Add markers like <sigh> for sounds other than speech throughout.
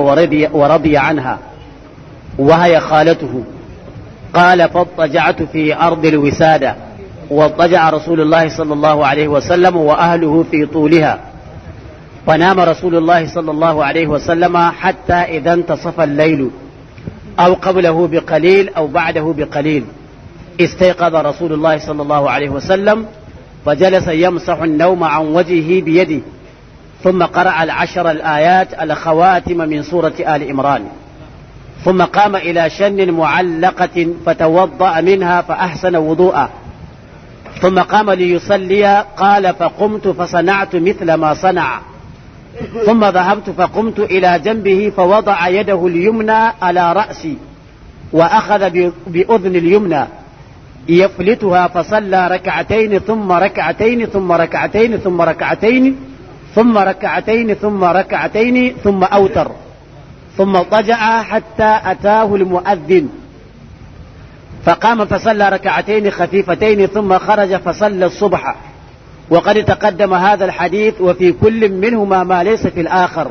ورضي, ورضي عنها وهي خالته قال فاضطجعت في أرض الوسادة واضطجع رسول الله صلى الله عليه وسلم وأهله في طولها فنام رسول الله صلى الله عليه وسلم حتى إذا انتصف الليل أو قبله بقليل أو بعده بقليل استيقظ رسول الله صلى الله عليه وسلم فجلس يمسح النوم عن وجهه بيده ثم قرأ العشر الآيات الخواتم من سورة آل إمران ثم قام إلى شن معلقة فتوضأ منها فأحسن وضوءا ثم قام ليصلي قال فقمت فصنعت مثل ما صنع ثم ذهبت فقمت إلى جنبه فوضع يده اليمنى على رأسي وأخذ بأذن اليمنى يفلتها فصلى ركعتين ثم ركعتين ثم ركعتين ثم ركعتين, ثم ركعتين ثم ركعتين ثم ركعتين ثم أوتر ثم اضطجع حتى أتاه المؤذن فقام فصلى ركعتين خفيفتين ثم خرج فصلى الصبح وقد تقدم هذا الحديث وفي كل منهما ما ليس في الآخر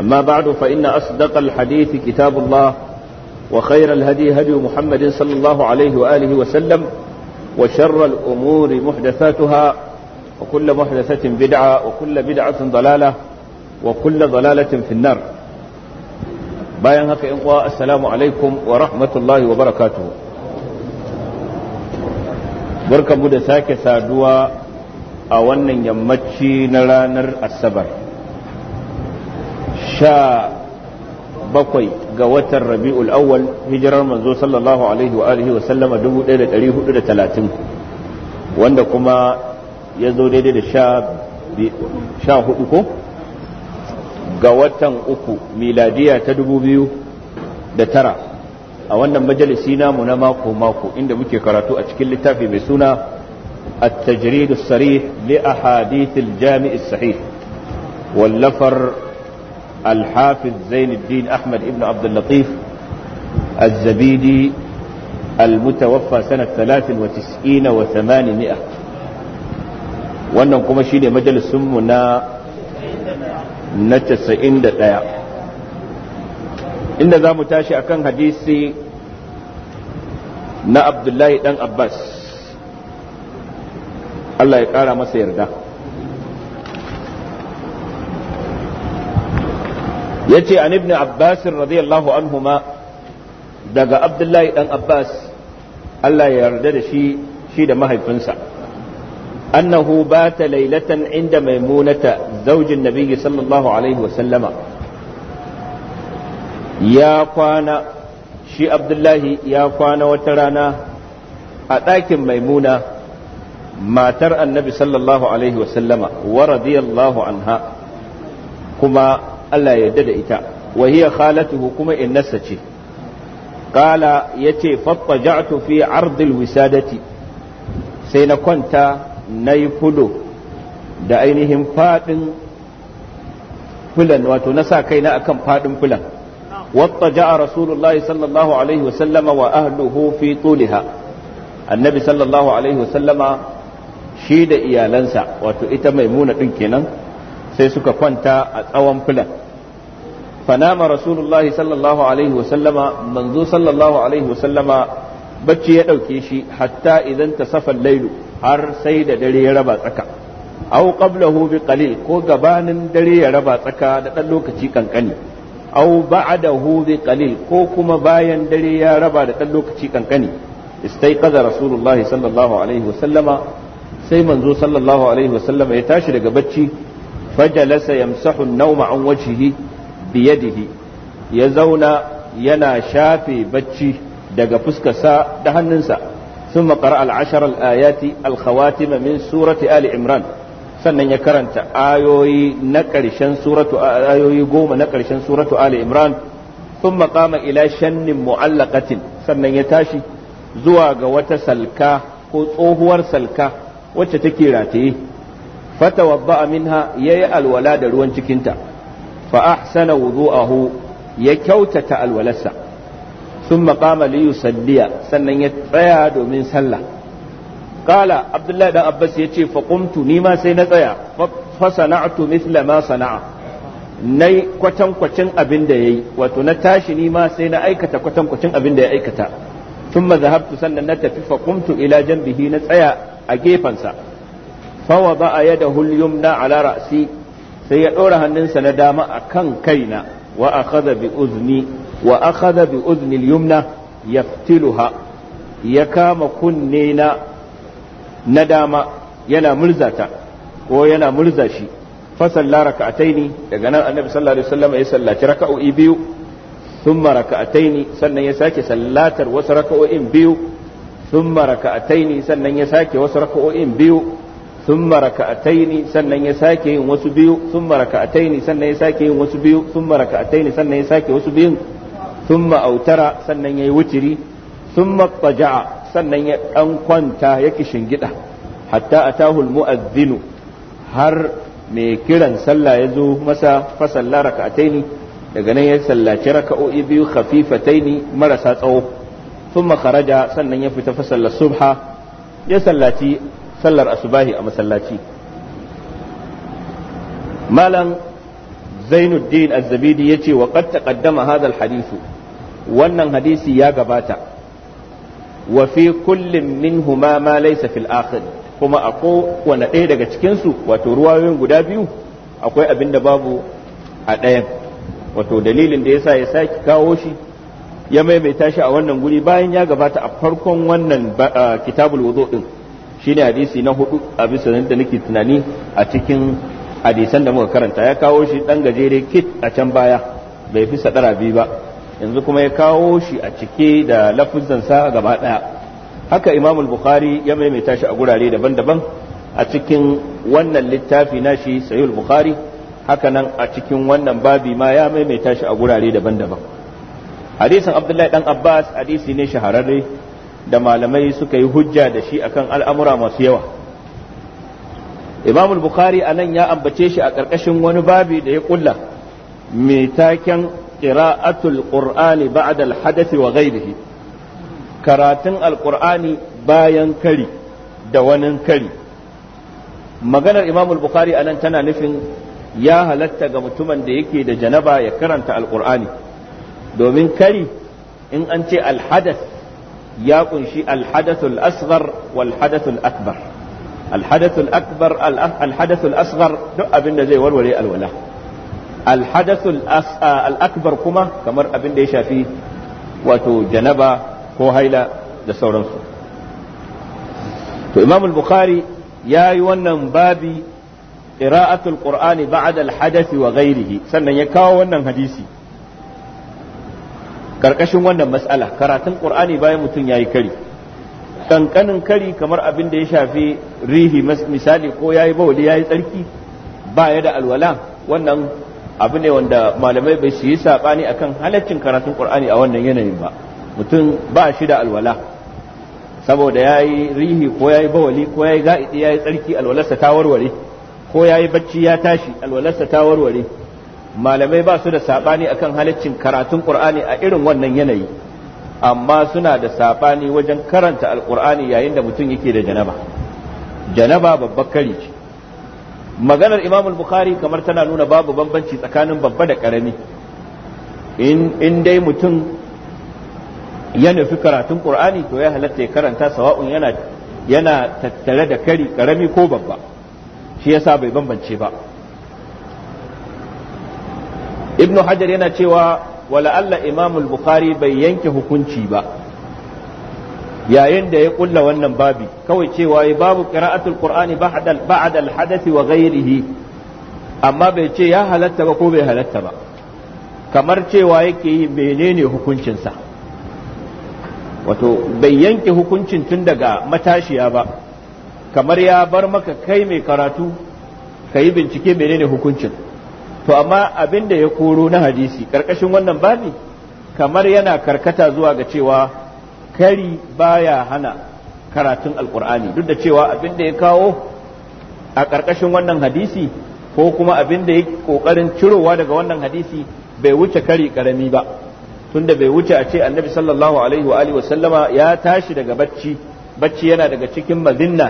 أما بعد فإن أصدق الحديث كتاب الله وخير الهدي هدي محمد صلى الله عليه وآله وسلم وشر الأمور محدثاتها وكل محدثة بدعة وكل بدعة ضلالة وكل ضلالة في النار باين هكا in السلام عليكم ورحمة الله وبركاته بركة barakatuhu barkamu da sake saduwa a sha bakwai ga watan rabi'ul awwal hijirar manzo sallallahu alaihi wa alihi wa sallama 1430 wanda kuma ya zo daidai da sha hudu ko ga watan uku miladiya ta dubu biyu da tara a wannan majalisi namu na mako-mako inda muke karatu a cikin littafi mai suna التجريد الصريح لأحاديث Jami'is الصحيح wallafar. الحافظ زين الدين أحمد ابن عبد اللطيف الزبيدي المتوفى سنة ثلاث وتسعين وثمانمائة wannan kuma shi ne majalisunmu na na casa'in da ɗaya inda za mu tashi akan hadisi na abdullahi ɗan abbas allah ya ƙara masa yarda yace an ibn abbas radiyallahu anhuma daga abdullahi dan abbas Allah ya yarda da shi shi da mahaifinsa annahu bata lailatan inda maimunata zaujin nabiyyi sallallahu alaihi wa sallama ya kwana shi abdullahi ya kwana wata rana a ɗakin maimuna matar annabi sallallahu alaihi wa sallama wa radiyallahu anha kuma Allah ya yarda da ita wa hiya khalatuhu kuma innasa ce qala yace fattaja'tu fi ardil wisadati sai na kwanta nayi fulo da ainihin fadin fulan wato na sa kaina akan fadin fulan wattaja'a rasulullahi sallallahu alaihi wa sallama wa ahluhu fi tuliha annabi sallallahu alaihi wa sallama shi da iyalansa wato ita maimuna din kenan sai suka kwanta a tsawon filan fanama rasulullahi sallallahu alaihi wasallama manzo sallallahu alaihi wasallama bacci ya ɗauke shi hatta idan ta safan lailu har sai da dare ya raba tsaka au qablahu bi qalil ko gabanin dare ya raba tsaka da ɗan lokaci kankani au ba'dahu bi qalil ko kuma bayan dare ya raba da ɗan lokaci kankani istaiqaza rasulullahi sallallahu alaihi wasallama sai manzo sallallahu alaihi wasallama ya tashi daga bacci fajalasa yamsahu nauma an wajhihi biyadihi ya zauna yana shafe bacci daga fuska da hannunsa ثم قرأ العشر الآيات الخواتم من سورة آل عمران sannan ya karanta ayoyi na ƙarshen suratu ayoyi goma na ƙarshen suratu Ali Imran sun maƙama ila shannin mu'allaqatin sannan ya tashi zuwa ga wata salka ko tsohuwar salka wacce take rataye fatawabba'a minha yayi alwala da ruwan cikinta fa ahsana wudu'ahu ya kyautata alwalarsa Sun qama li yusalliya sannan ya tsaya domin sallah qala abdullahi da abbas ya ce qumtu ni ma sai na tsaya fa sana'tu mithla ma sana'a nai kwatankwacin abin da yayi wato na tashi ni ma sai na aikata kwatankwacin abin da ya aikata Sun mazahabtu sannan na tafi fa ilajen bihi na tsaya a gefansa fawa ba a yada hulyumna ala ra'si sai ya ɗora hannunsa na dama a kan kaina wa akhadha bi uzni wa akhadha bi uzni al-yumna yaftiluha ya kama kunne na na dama yana murzata ko yana murza shi fa salla raka'ataini daga nan annabi sallallahu alaihi wasallam ya sallaci raka'o'i biyu sun thumma raka'ataini sannan ya sake sallatar wasu raka'o'in biyu sun thumma raka'ataini sannan ya sake wasu raka'o'in biyu ثم ركعتين sannan ya sake yin wasu biyu ثم ركعتين sannan ya sake yin wasu biyu ثم ركعتين sannan ya sake wasu ثم أوتر sannan yayi wutiri ثم اضطجع sannan ya dan kwanta ya kishingida hatta atahu almu'adhdhin har mai kiran sallah ya zo masa a sallah raka'ataini daga nan ya sallaci raka'o'i biyu khafifataini marasa tsawo thumma kharaja sannan ya fita ya sallaci sallar asubahi a masallaci malam zainuddin azzabidi ya ce wa qad taqaddama hadha hadisu wannan hadisi ya gabata wa fi min minhuma ma laysa fil akhir kuma a kowane ɗaya daga cikinsu wato ruwayoyin guda biyu akwai abin da babu a ɗayan wato dalilin da yasa ya sake kawo shi ya maimaita shi a wannan guri bayan ya gabata a farkon wannan kitabul wudu din shine hadisi na hudu a bisa da nake tunani a cikin hadisan da muka karanta ya kawo shi dan gajere kit a can baya bai fi sadara biyu ba yanzu kuma ya kawo shi a cike da sa gaba daya haka imamul bukhari ya maimaita shi a gurare daban-daban a cikin wannan littafi na shi sayul bukhari haka nan a cikin wannan babi ma ya maimaita shi a gurare daban-daban hadisin abdullahi dan abbas hadisi ne shahararre da malamai suka yi hujja da shi akan al'amura masu yawa imam bukhari a nan ya ambace shi a ƙarƙashin wani babi da ya ƙulla mai taken ƙira'atul qur'ani ba'da al-hadath wa ghairihi karatun alƙur'ani bayan kari da wani kari maganar imam bukhari a nan tana nufin ya halatta ga mutumin da yake da janaba ya karanta alƙur'ani domin kari in an ce alhadas ya kunshi alhadathul asghar wal hadathul akbar alhadathul akbar alhadathul asghar duk abin da zai warware alwala alhadathul akbar kuma kamar abin da ya shafi wato janaba ko haila da sauransu to imam bukhari ya yi wannan babi qira'atul qur'ani ba'da alhadathi wa ghairihi sannan ya kawo wannan hadisi karkashin wannan matsala karatun qur'ani bayan mutum yayi kari kankanin kari kamar abin da ya shafi rihi misali ko yayi ya yayi tsarki ba ya da alwala wannan abu ne wanda malamai bai su yi sabani akan halaccin karatun qur'ani a wannan yanayin ba mutum ba shi da alwala saboda ya yi rihi ko ya yi bawali ko ya yi ga'idi ya yi tsarki alwalarsa ta warware ko ya yi bacci ya tashi alwalarsa ta warware malamai ba su da sabani akan halaccin karatun qur'ani a irin wannan yanayi amma suna da saɓani wajen karanta alqur'ani yayin da mutum yake da janaba janaba babbar kari ce maganar imam bukhari kamar tana nuna babu bambanci tsakanin babba da karami in dai mutum ya nufi karatun qur'ani to ya halatta ya karanta sawa'un yana yana tattare da kari karami ko babba shi yasa bai bambance ba ibnu hajar yana cewa wala Allah imamul bukhari bai yanke hukunci ba yayin da ya kulla wannan babi kawai cewa ya babu qira'atul qur'ani ba'dal ba'dal hadathi wa ghairihi amma bai ce ya halatta ba ko bai halatta ba kamar cewa yake yi menene hukuncinsa wato bai yanke hukuncin tun daga matashiya ba kamar ya bar maka kai mai karatu ka bincike menene hukuncin to amma abin da ya koro na hadisi karkashin wannan babi kamar yana karkata zuwa ga cewa kari baya hana karatun alkur'ani duk da cewa abin da ya kawo a karkashin wannan hadisi ko kuma abin da ya kokarin cirowa daga wannan hadisi bai wuce kari karami ba tunda bai wuce a ce annabi sallallahu alaihi wa alihi wa sallama ya tashi daga bacci bacci yana daga cikin mazinna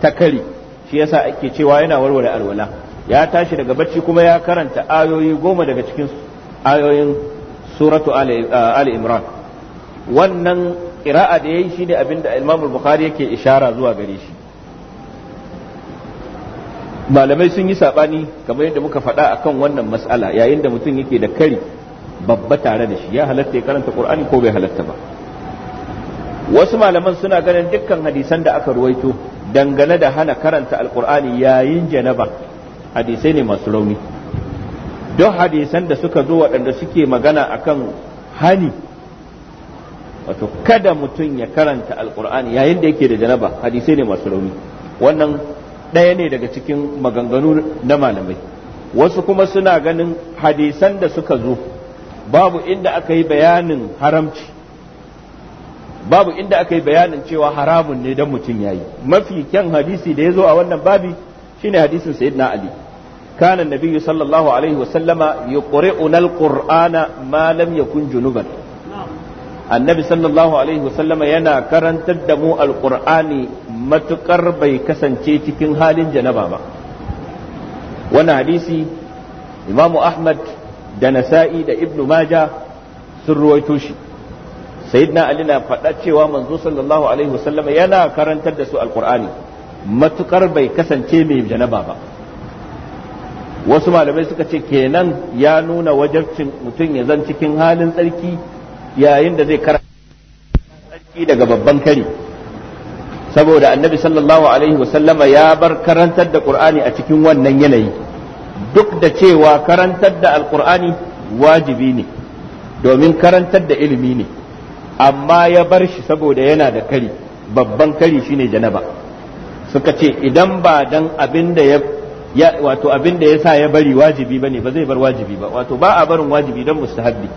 ta kari shi yasa ake cewa yana warware alwala ya tashi daga bacci kuma ya karanta ayoyi goma daga cikin ayoyin suratu ali eh, imran wannan kira'a da ya yi shi ne abinda imam bukhari yake ishara zuwa gare shi malamai sun yi saɓani kamar yadda muka faɗa akan wannan matsala yayin da mutum yake da kari babba tare da shi ya halatta ya karanta qur'ani ko bai halatta ba wasu malaman suna ganin dukkan hadisan da aka ruwaito dangane da hana karanta alkur'ani yayin janaba hadisai ne masu rauni don hadisan da suka zo waɗanda suke magana akan hani wato kada mutum ya karanta alkur'ani yayin da yake da janaba hadisai ne masu rauni wannan ɗaya ne daga cikin maganganu na malamai wasu kuma suna ganin hadisan da suka zo babu inda aka yi bayanin haramci babu inda aka yi bayanin cewa haramun ne don mutum ya yi mafi kyan hadisi da ya zo a wannan babi shine hadisin sayyidina ali kana nabiyyu sallallahu alaihi wa sallama yuqri'una alqur'ana ma lam yakun junuban annabi sallallahu alaihi wa sallama yana karantar da mu alqur'ani matukar bai kasance cikin halin janaba ba wannan hadisi imamu ahmad da nasa'i da ibnu maja sun ruwaito shi sayyidina ali na faɗa cewa manzo sallallahu alaihi wa sallama yana karantar da su alqur'ani matukar bai kasance mai janaba ba wasu malamai suka ce kenan ya nuna wajabcin mutum ya zan cikin halin tsarki yayin da zai karanta tsarki daga babban kari saboda annabi sallallahu alaihi wasallama ya bar karantar da qur'ani a cikin wannan yanayi duk da cewa karantar da alqur'ani wajibi ne domin karantar da ilimi ne amma ya bar shi saboda yana da kari babban kari shine janaba suka ce idan ba dan abin da ya ya wato abin da yasa ya bari wajibi bane ba zai bar wajibi ba wato ba a barin wajibi dan mustahabbi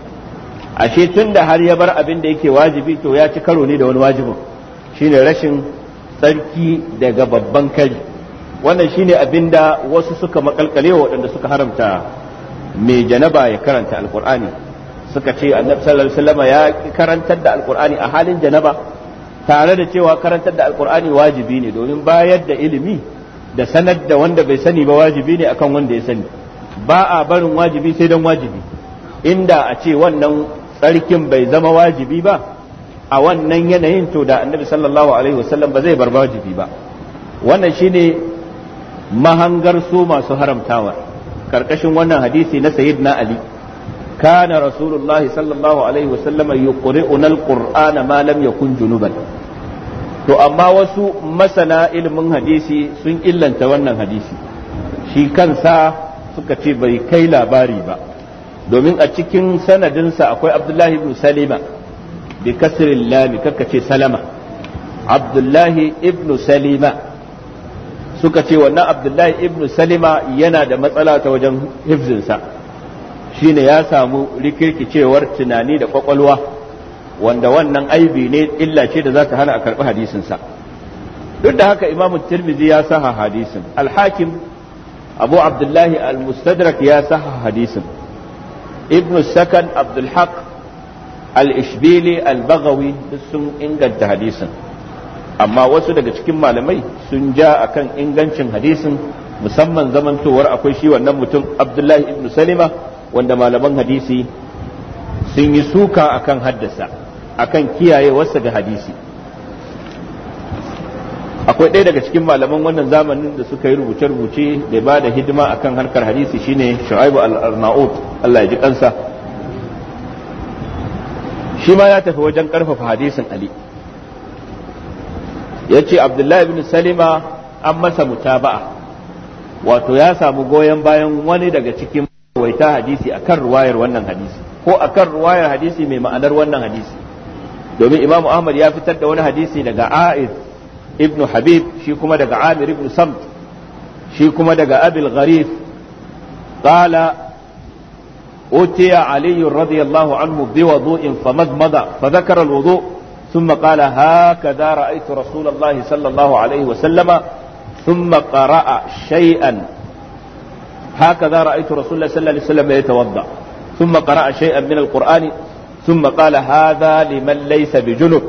ashe tunda har ya bar abin da yake wajibi to ya ci karo ne da wani wajibin shine rashin tsarki daga babban kari wannan shine abin da wasu suka makalkale waɗanda suka haramta mai janaba ya karanta alkur'ani suka ce annabi sallallahu alaihi wasallam ya karantar da alkur'ani a halin janaba tare da cewa karantar da alkur'ani wajibi ne domin bayar da ilimi da sanar da wanda bai sani ba wajibi ne akan wanda ya sani ba a barin wajibi sai don wajibi inda a ce wannan tsarkin bai zama wajibi ba a wannan yanayin to da annabi sallallahu alaihi wasallam ba zai bar wajibi ba wannan shine mahangar su masu haramtawa karkashin wannan hadisi na sayyidina ali kana rasulullahi sallallahu alaihi wasallam yuqri'una alqur'ana ma lam yakun junuban to amma wasu masana ilimin hadisi sun illanta wannan hadisi shi kansa suka ce bai kai labari ba domin a cikin sanadinsa akwai abdullahi ibn salima bi kasrin lami kakka ce salama abdullahi ibn salima suka ce wannan abdullahi ibn salima yana da matsala ta wajen hifzinsa shine ya samu rikirkicewar tunani da kwakwalwa wanda wannan aibi ne illa ce da za ta hana a karɓi hadisinsa duk da haka imamu tirmidhi ya saha hadisin alhakim abu abdullahi al'mustadrak mustadrak ya saha hadisin ibnu sakan abdulhaq al-ishbili al-bagawi sun inganta hadisin amma wasu daga cikin malamai sun ja akan ingancin hadisin musamman zamantowar akwai shi wannan mutum abdullahi ibnu salima wanda malaman hadisi sun yi suka akan haddasa akan wasu ga hadisi akwai ɗaya daga cikin malaman wannan zamanin da suka yi rubuce-rubuce da ba da hidima akan harkar hadisi shine shu'aibu al-arnaut Allah ya ji kansa shi ma ya tafi wajen karfafa hadisin ali ya ce abdullahi bin salima an masa mutaba'a wato ya samu goyon bayan wani daga cikin waita hadisi akan ruwayar wannan hadisi ko akan ruwayar hadisi mai ma'anar wannan hadisi domin imamu ahmad ya fitar da wani hadisi daga a'id ibn habib shi kuma daga amir ibn samt shi kuma daga abil gharif qala أتي علي رضي الله عنه بوضوء فمضمض فذكر الوضوء ثم قال هكذا رأيت رسول الله صلى الله عليه وسلم ثم قرأ شيئا هكذا رأيت رسول الله صلى الله عليه وسلم يتوضأ ثم قرأ شيئا من القرآن ثم قال هذا لمن ليس بجنب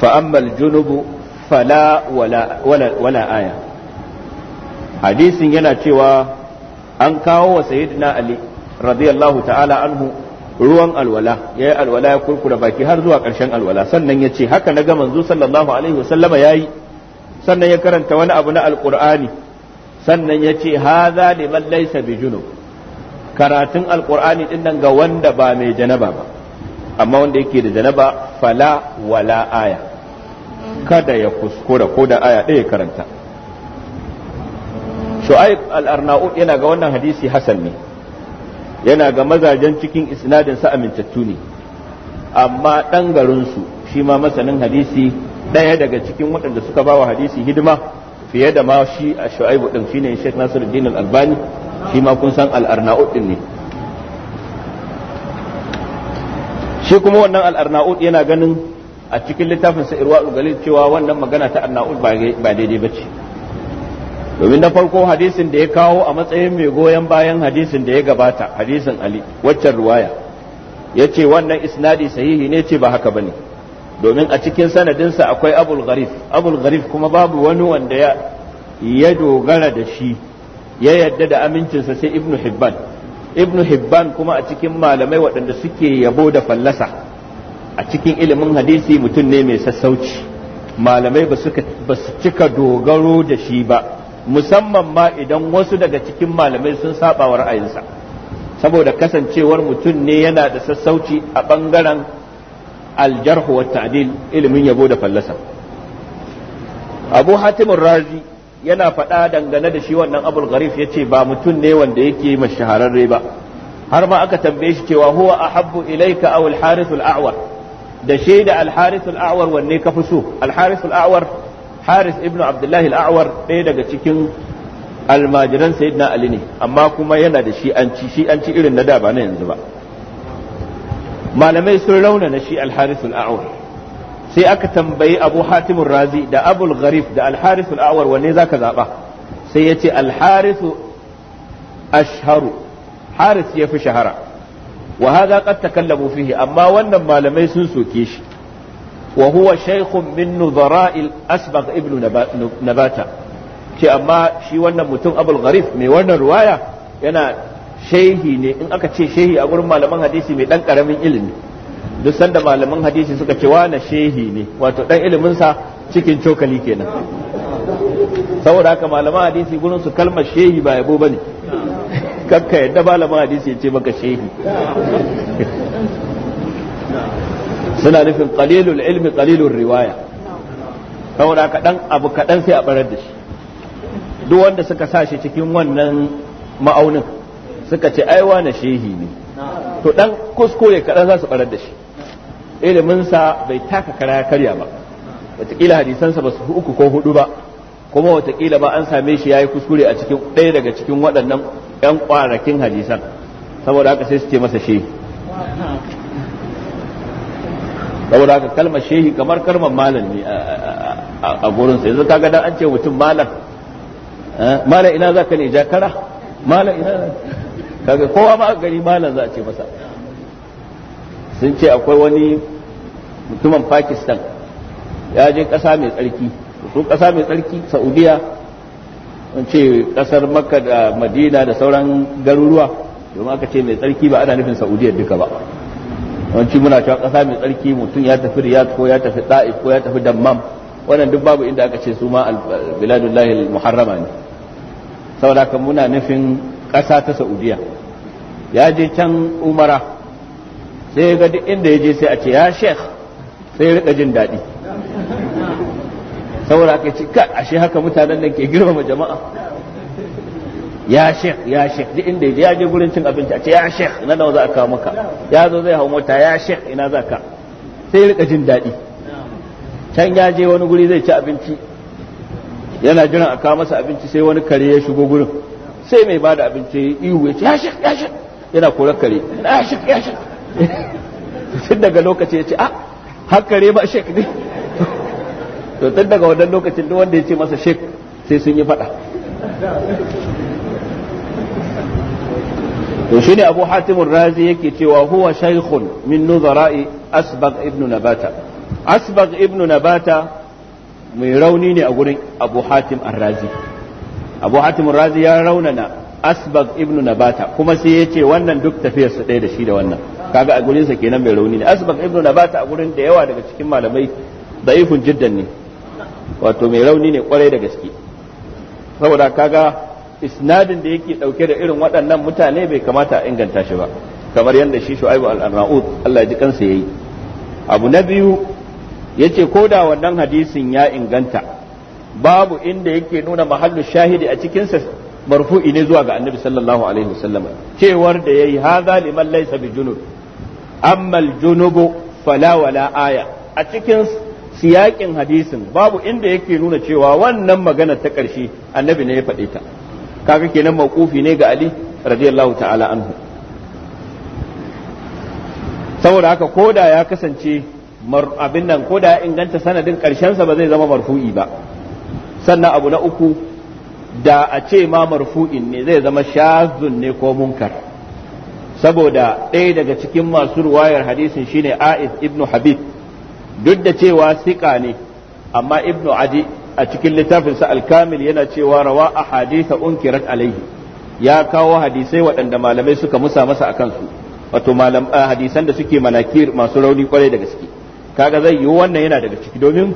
فأما الجنب فلا ولا ولا, ولا آية حديث ينا cewa an kawo wa sayyidina Ali radiyallahu ta'ala anhu ruwan alwala ya yi alwala ya kurkura baki har zuwa ƙarshen alwala sannan ya ce haka na ga manzo sallallahu alaihi wasallama ya yi sannan ya karanta wani abu na alƙur'ani sannan ya ce haza liman bi bijunub karatun alkur'ani din nan ga wanda ba mai janaba ba amma wanda yake da janaba fala wala aya kada ya kuskura ko da aya ɗaya karanta shu'aib al-arnaud yana ga wannan hadisi hasan ne yana ga mazajen cikin isnadin sa amintattu ne amma ɗan garinsu shi ma masanin hadisi ɗaya daga cikin waɗanda suka ba wa hadisi hidima fiye da ma shi a shu'aibu din shine Sheikh Nasiru din albani shi ma kun san al'arna'ud din ne shi kuma wannan al'arna'ud yana ganin a cikin littafin sa Irwaul Galil cewa wannan magana ta Arnaud ba daidai ba ce. domin na farko hadisin da ya kawo a matsayin mai goyon bayan hadisin da ya gabata hadisin Ali waccan ruwaya ya ce wannan isnadi sahihi ne ce ba haka ba ne. domin a cikin sanadinsa akwai abul gharif abul gharif kuma babu wani wanda ya ya dogara da shi ya yadda da amincinsa sai ibnu hibban ibnu hibban kuma a cikin malamai waɗanda suke yabo da fallasa a cikin ilimin hadisi mutum ne mai sassauci malamai ba su cika dogaro da shi ba musamman ma idan wasu daga cikin malamai sun saba wa ra'ayinsa saboda kasancewar mutum ne yana da sassauci a ɓangaren Aljarhu wa ta'dil ilimin yabo da fallasa abu hatim razi yana faɗa dangane da shi wannan abul gharif yace ba mutum ne wanda yake mashahararre ba har ma aka tambaye shi cewa huwa ahabbu ilayka aw al-harith al-a'war da shi da al-harith al-a'war wanne ka fi so al-harith al-a'war haris ibnu abdullahi al-a'war ɗaya daga cikin almajiran sayyidina ali ne amma kuma yana da shi an ci irin na da ba na yanzu ba malamai sun na shi al-harith sai aka tambayi abu Hatimu razi da abul gharif da al-harith al-a'war wanne zaka zaɓa sai yace al-harith ashharu ya fi shahara wa hadha qad takallamu fihi amma wannan malamai sun soke shi wa huwa shaykhun min nuzara'il asbagh ibnu nabata ce amma shi wannan mutum abul gharif mai wannan ruwaya yana shehi ne in aka ce shehi a gurin malaman hadisi mai dan karamin ilimi duk sanda malaman hadisi suka ce wane shehi ne wato dan ilimin sa cikin cokali kenan saboda haka malaman hadisi gurin su kalmar shehi ba yabo bane kakka yadda malaman hadisi ya ce maka shehi suna nufin qalilul ilmi qalilur riwaya saboda haka dan abu kadan sai a barar da shi duk wanda suka sa shi cikin wannan ma'aunin suka ce ai wane shehi ne to dan kuskure kaɗan za su barar da shi sa bai taka kara ya karya ba wataƙila hadisansa ba su uku ko hudu ba kuma wataƙila ba an same shi ya yi kuskure a cikin ɗaya daga cikin waɗannan 'yan ƙwarakin hadisan saboda haka sai su ce masa shehi saboda haka kalmar shehi kamar kalmar malam ne a gurinsa yanzu kaga dan an ce mutum malam eh, malam ina za ka ne jakara malam ina kaga kowa ba gari malam za a ce masa sun ce akwai wani mutumin pakistan ya je ƙasa mai tsarki su ƙasa mai tsarki saudiya sun ce ƙasar makka da madina da sauran garuruwa domin aka ce mai tsarki ba ana nufin saudiya duka ba wanci muna cewa ƙasa mai tsarki mutum ya tafi riyad ko ya tafi da'if ko ya tafi dammam wannan duk babu inda aka ce su ma biladullahi muharrama ne saboda haka muna nufin ƙasa ta saudiya ya je can umara sai ya duk inda ya je sai a ce ya sheikh sai ya rika jin daɗi saboda aka ce ka ashe haka mutanen nan ke girmama jama'a ya sheikh ya sheikh duk inda ya je ya je gurin cin abinci a ce ya sheikh ina nawa za a kawo maka ya zo zai hau mota ya sheikh ina za ka sai ya rika jin daɗi can ya je wani guri zai ci abinci yana jiran a kawo masa abinci sai wani kare ya shigo gurin sai mai bada abinci ihu ya ce ya shek ya shek yana korar kare ya shi ya shi tun daga lokaci ya ce a ah, har kare ba shek ne to tun daga wannan lokacin duk wanda ya ce masa shek sai sun yi fada to shi ne abu hatim razi yake cewa huwa shaykhun min nuzara'i asbag ibnu nabata asbag ibnu nabata mai rauni ne a gurin abu hatim ar-razi abu hatim ar-razi ya raunana asbag ibn nabata kuma sai yace wannan duk tafiyar su ɗaya da shi da wannan kaga a gurinsa kenan mai rauni ne asbag ibn nabata a gurin da yawa daga cikin malamai da'ifun jiddan ne wato mai rauni ne kwarai da gaske saboda kaga isnadin da yake dauke da irin waɗannan mutane bai kamata a inganta shi ba kamar yadda shi shu'aibu al-anra'ut Allah ji kansa yayi abu na biyu yace ko da wannan hadisin ya inganta babu inda yake nuna mahallu shahidi a cikinsa marfu'i ne zuwa ga annabi sallallahu alaihi wasallam cewar da yayi hadha liman laysa junub amma junubu fala wala aya a cikin siyakin hadisin babu inda yake nuna cewa wannan magana ta ƙarshe annabi ne ya faɗe ta kaga kenan mawqufi ne ga ali radiyallahu ta'ala anhu saboda haka koda ya kasance abin nan koda ya inganta sanadin ƙarshensa sa ba zai zama marfu'i ba sannan abu na uku da a ce ma marfu'in ne zai zama shazun ne ko munkar saboda ɗaya daga cikin masu ruwayar hadisin shine A'id Ibnu Habib duk da cewa siƙa ne amma Ibnu Adi a cikin littafinsa Alkamil yana cewa rawa a hadisa unkirat alaihi ya kawo hadisai waɗanda malamai suka musa masa a kansu wato hadisan da suke manakir masu rauni kwarai da gaske kaga zai yi wannan yana daga ciki domin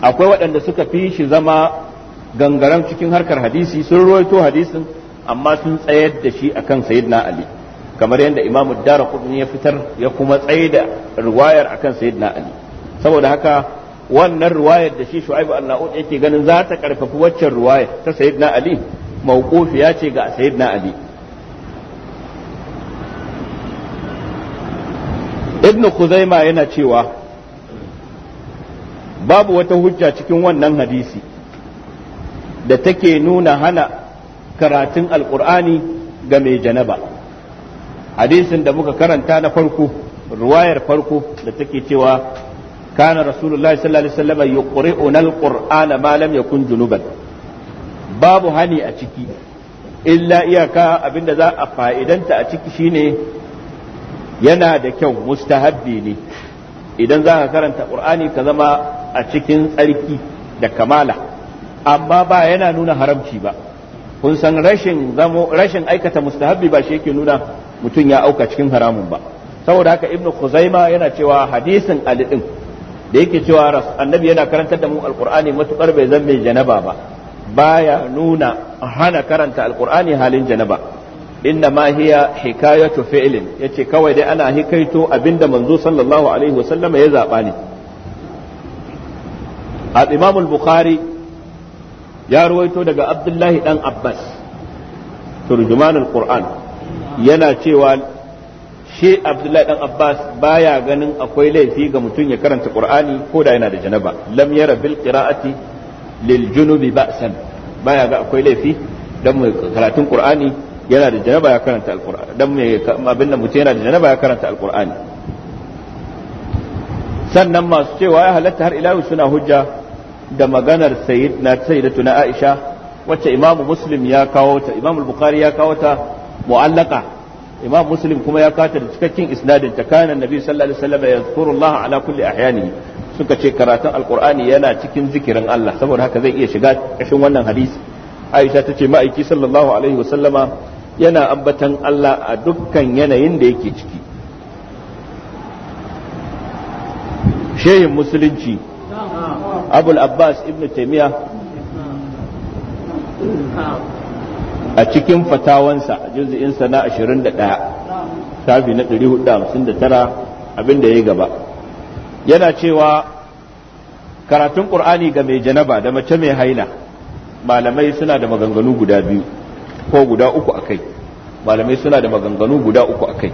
akwai waɗanda suka fi shi zama Gangaren cikin harkar hadisi sun ruwaito hadisin amma sun tsayar da shi akan sayyidina ali kamar yadda imamu daraqutni ya fitar ya kuma tsaye da riwayar akan sayyidina ali saboda haka wannan riwayar da shi shu'aibu al-na'ud yake ganin za ta karfafi waccan ruwayar ta sayyidina ali ya ce ga sayyidina ali ibn khuzaima yana cewa babu wata hujja cikin wannan hadisi da take nuna hana karatun alkur'ani ga mai janaba hadisin da muka karanta na farko ruwayar farko da take cewa kana rasulullahi sallallahu alaihi wasallam alqur'ana ma lam yakun junuban babu hani a ciki illa iyaka abinda za a fa'idanta a ciki shine yana da kyau mustahabbi ne idan za ka karanta qur'ani ka zama a cikin tsarki da kamala amma ba yana nuna haramci ba kun san rashin zamo rashin aikata mustahabbi ba shi yake nuna mutum ya auka cikin haramun ba saboda haka ibnu khuzaima yana cewa hadisin ali din da yake cewa annabi yana karantar da mu alqur'ani matukar bai zan mai janaba ba baya nuna hana karanta alqur'ani halin janaba inna ma hiya hikayatu fi'lin yace kawai dai ana hikaito abinda manzo sallallahu alaihi wasallam ya zaba ne al-imam al-bukhari ya ruwaito daga abdullahi dan abbas turjuman qur'an yana cewa shi abdullahi dan abbas baya ganin akwai laifi ga mutum ya karanta qur'ani ko da yana da janaba lam yara bil qira'ati lil junubi ba'san baya ga akwai laifi dan mai karatun qur'ani yana da janaba ya karanta alqur'ani dan mai abin da mutum yana da janaba ya karanta alqur'ani sannan masu cewa ya halatta har ilahi suna hujja da maganar sayid na sayyidatu tuna Aisha wacce Imam Muslim ya kawo ta Imam bukari ya kawo ta mu'allaka Imam Muslim kuma ya kawo ta da cikakken isnadin ta kana Nabi sallallahu alaihi wasallam yadhkuru Allah ala kulli ahyani. suka ce karatun alqur'ani yana cikin zikirin Allah saboda haka zai iya shiga cikin wannan hadisi Aisha ta ce ma'aiki sallallahu alaihi wasallama yana ambatan Allah a dukkan yanayin da yake ciki shehin musulunci abul abbas ibn taimiya a cikin fatawansa a juzi'insa na 21 shafi na 459 abinda ya yi gaba yana cewa karatun ƙur'ani ga mai janaba da mace mai haila malamai suna da maganganu guda biyu ko guda uku a kai malamai suna da maganganu guda uku a kai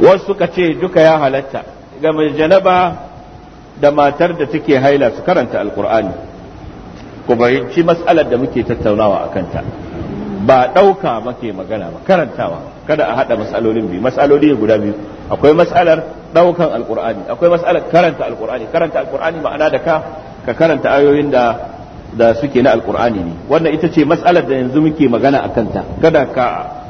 wasu suka ce duka ya halatta ga mai janaba da matar da take haila su karanta alkur'ani ku bayyanci mas'alar da muke tattaunawa a kanta ba ɗauka muke magana ba karantawa kada a haɗa mas'alolin biyu mas'aloli guda biyu akwai mas'alar ɗaukan alkur'ani akwai mas'alar karanta alkur'ani karanta alkur'ani ma'ana da ka ka karanta ayoyin da da suke na alkur'ani ne wannan ita ce mas'alar da yanzu muke magana a kanta kada ka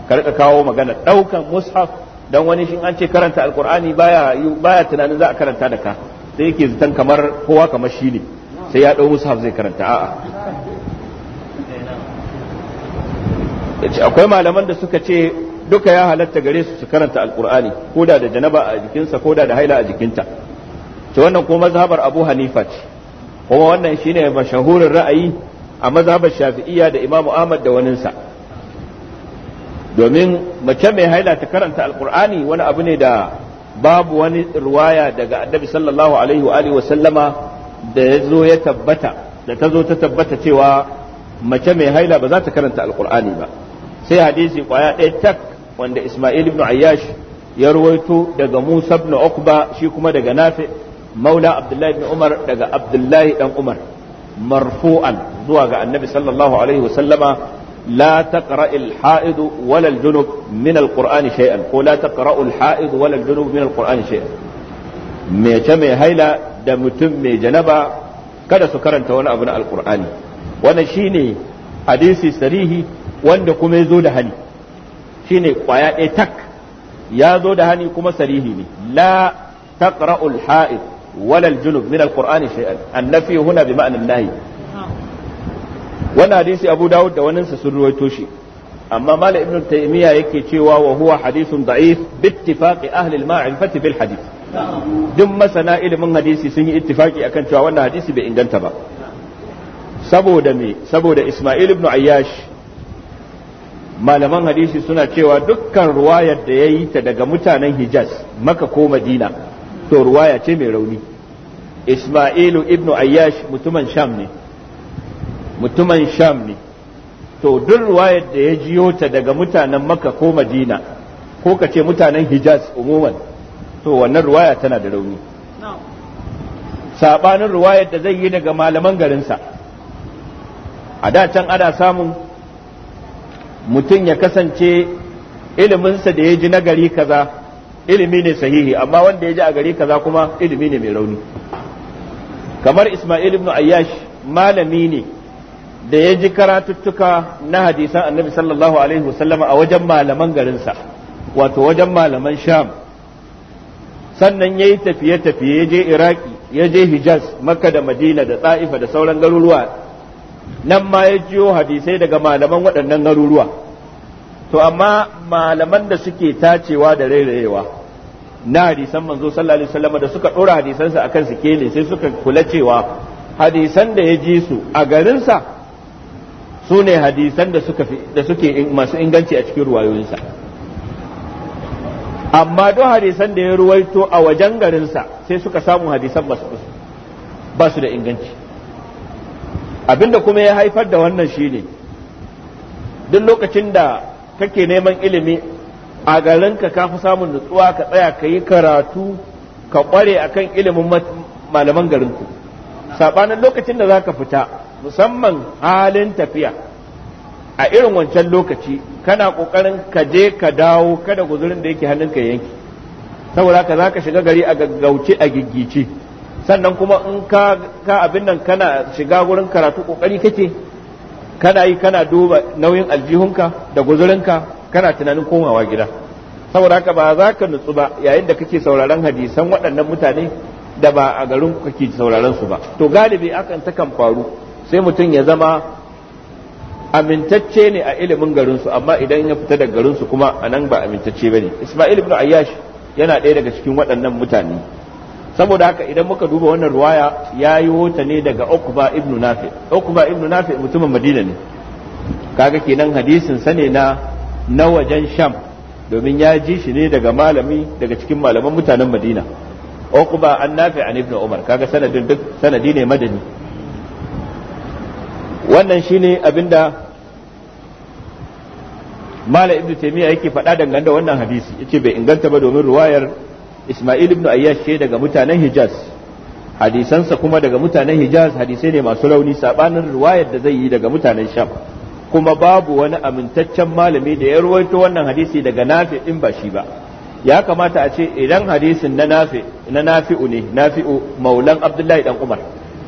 ka rika kawo magana ɗaukan mushaf dan wani shin an ce karanta alkur'ani baya baya tunanin za a karanta da ka sai yake zitan kamar kowa kamar shi ne sai ya ɗau musu zai karanta a'a akwai malaman da suka ce duka ya halatta gare su su karanta alkur'ani ko da da janaba a jikinsa ko da da haila a jikinta to wannan ko mazhabar abu hanifa ce kuma wannan shine mashahurin ra'ayi a mazhabar shafi'iyya da imamu ahmad da waninsa domin mace mai haila ta karanta alkur'ani wani abu ne da babu wani ruwaya daga annabi sallallahu alaihi wa sallama da ya zo ya tabbata da ta zo ta tabbata cewa mace mai haila ba za ta karanta alqur'ani ba sai hadisi kwaya ɗaya tak wanda isma'il ibn ayyash ya ruwaito daga musa ibn uqba shi kuma daga nafi maula abdullahi ibn umar daga abdullahi dan umar marfu'an zuwa ga annabi sallallahu alaihi wa sallama لا تقرأ الحائض ولا الجنب من القرآن شيئا ko la تقرأ الحائض ولا الجنب من القرآن شيئا mece mai haila da mutum mai janaba kada su karanta wani abu na alkur'ani wannan shine hadisi sarihi wanda kuma ya zo da hani shine kwaya ɗaya tak ya zo da hani kuma sarihi ne la taqra'ul ha'id wala al junub min al shay'an annafi huna bi ma'anan nahi wannan hadisi abu dawud da waninsa sun ruwaito shi amma malam ibn taymiya yake cewa wa huwa hadithun da'if bi ittifaqi ahli al-ma'rifati bil hadith duk masana ilimin hadisi sun yi ittifaki akan cewa wannan hadisi bai inganta ba saboda me saboda isma'il ibn ayyash malaman hadisi suna cewa dukkan ruwayar da yayi ta daga mutanen hijaz maka ko madina to ruwaya ce mai rauni isma'ilu ibn ayyash mutumin sham ne mutumin sham ne to duk ruwayar da ya jiyo ta daga mutanen maka ko madina ko ka ce mutanen hijaz umuman to wannan ruwaya tana da rauni sabanin ruwayar da zai yi daga malaman garinsa a da can ana samun mutum ya kasance iliminsa da ya ji na gari kaza ilimi ne sahihi amma wanda ya ji a gari kaza kuma ilimi ne mai rauni kamar ismail ibn ayyash malami ne da ya ji karatuttuka na hadisan annabi sallallahu alaihi wasallama a wajen malaman garinsa wato wajen malaman sham sannan ya yi tafiye-tafiye ya je iraki ya je hijaz makka da madina da tsa'ifa da sauran garuruwa nan ma ya jiyo hadisai daga malaman waɗannan garuruwa to amma malaman da suke tacewa da rairayewa na hadisan manzo sallallahu alaihi wasallama da suka ɗora hadisansa akan sikeli sai suka kula cewa hadisan da ya ji su a garinsa su ne hadisan da suke masu inganci a cikin ruwayoyinsa amma duk hadisan da ya ruwaito a wajen garinsa sai suka samu hadisan ba su da inganci abinda kuma ya haifar da wannan shine duk lokacin da kake neman ilimi a garinka ka fi samun nutsuwa ka tsaya ka yi karatu ka kware akan ilimin malaman garinku saɓanin lokacin da za ka fita musamman halin tafiya a irin wancan lokaci kana kokarin ka je ka dawo kada guzurin da yake hannunka yanki saboda haka ka shiga gari a gaggauce a giggice sannan kuma in ka ka abin nan kana shiga wurin karatu kokari kake kana yi kana duba nauyin aljihunka da guzurinka kana tunanin komawa gida saboda haka ba za ka nutsu ba yayin da kake sauraron hadisan waɗannan mutane da ba a garin kake sauraron su ba to galibi akan takan faru sai mutum ya zama amintacce ne a ilimin garinsu amma idan ya fita daga garinsu kuma a nan ba amintacce ba ne ismail ibn ayyash yana ɗaya daga cikin waɗannan mutane saboda haka idan muka duba wannan ruwaya ya yi wota ne daga ukba ibn nafi ukba ibn nafi mutumin madina ne kaga kenan hadisin sa na na wajen sham domin ya ji shi ne daga malami daga cikin malaman mutanen madina ukba an nafi an ibn umar kaga sanadin duk sanadi ne madani wannan shine abinda Malam Ibn Taymiyyah yake faɗa dangane da wannan hadisi yace bai inganta ba domin ruwayar Ismail ibn Ayyash ce daga mutanen Hijaz hadisansa kuma daga mutanen Hijaz hadisai ne masu rauni sabanin ruwayar da zai yi daga mutanen Sham kuma babu wani amintaccen malami da ya ruwaito wannan hadisi daga Nafi in ba shi ba ya kamata a ce idan hadisin na Nafi na Nafi'u ne Nafi'u maulan Abdullahi dan Umar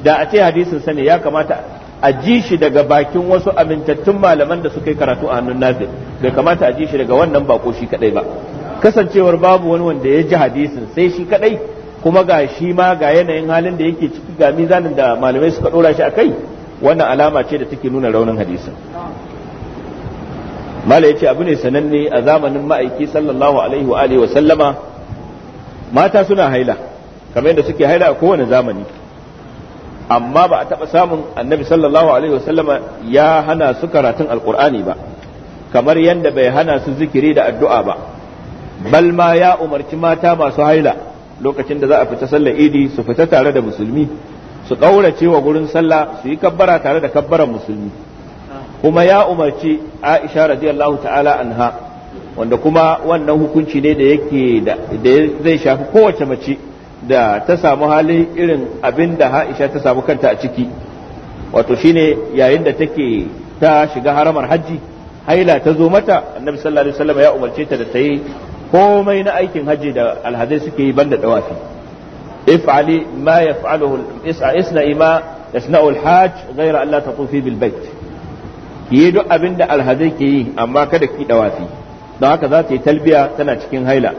da a ce hadisin sa ne ya kamata a ji shi daga bakin wasu amintattun malaman da suka yi karatu a hannun nafi bai kamata a ji shi daga wannan bako shi kadai ba kasancewar babu wani wanda ya ji hadisin sai shi kadai kuma ga shi ma ga yanayin halin da yake ciki ga mizanin da malamai suka dora shi a kai wannan alama ce da take nuna raunin hadisin mala yace abu ne sananne a zamanin ma'aiki sallallahu alaihi wa alihi wa sallama mata suna haila kamar yadda suke haila a kowane zamani amma ba a taɓa samun annabi sallallahu alaihi wasallama ya hana su karatun alkur'ani ba kamar yadda bai hana su zikiri da addu'a ba bal ma ya umarci mata masu haila lokacin da za a fita sallar idi su fita tare da musulmi su ƙaurace wa gurin sallah su yi kabbara tare da kabbaran musulmi kuma ya umarci aisha radiyallahu ta'ala anha wanda kuma wannan hukunci ne da yake da zai shafi kowace mace da ta samu halin irin abin da Aisha ta samu kanta a ciki wato shine yayin da take ta shiga haramar hajji haila ta zo mata annabi sallallahu alaihi wasallam ya umarce ta da ta yi komai na aikin hajji da alhazai suke yi banda dawafi if'ali ma yaf'aluhu isna'i ma yasna'u al-hajj ghayra an tatufi bil bait yi duk abin da alhazai ke yi amma kada ki dawafi don haka za ta yi talbiya tana cikin haila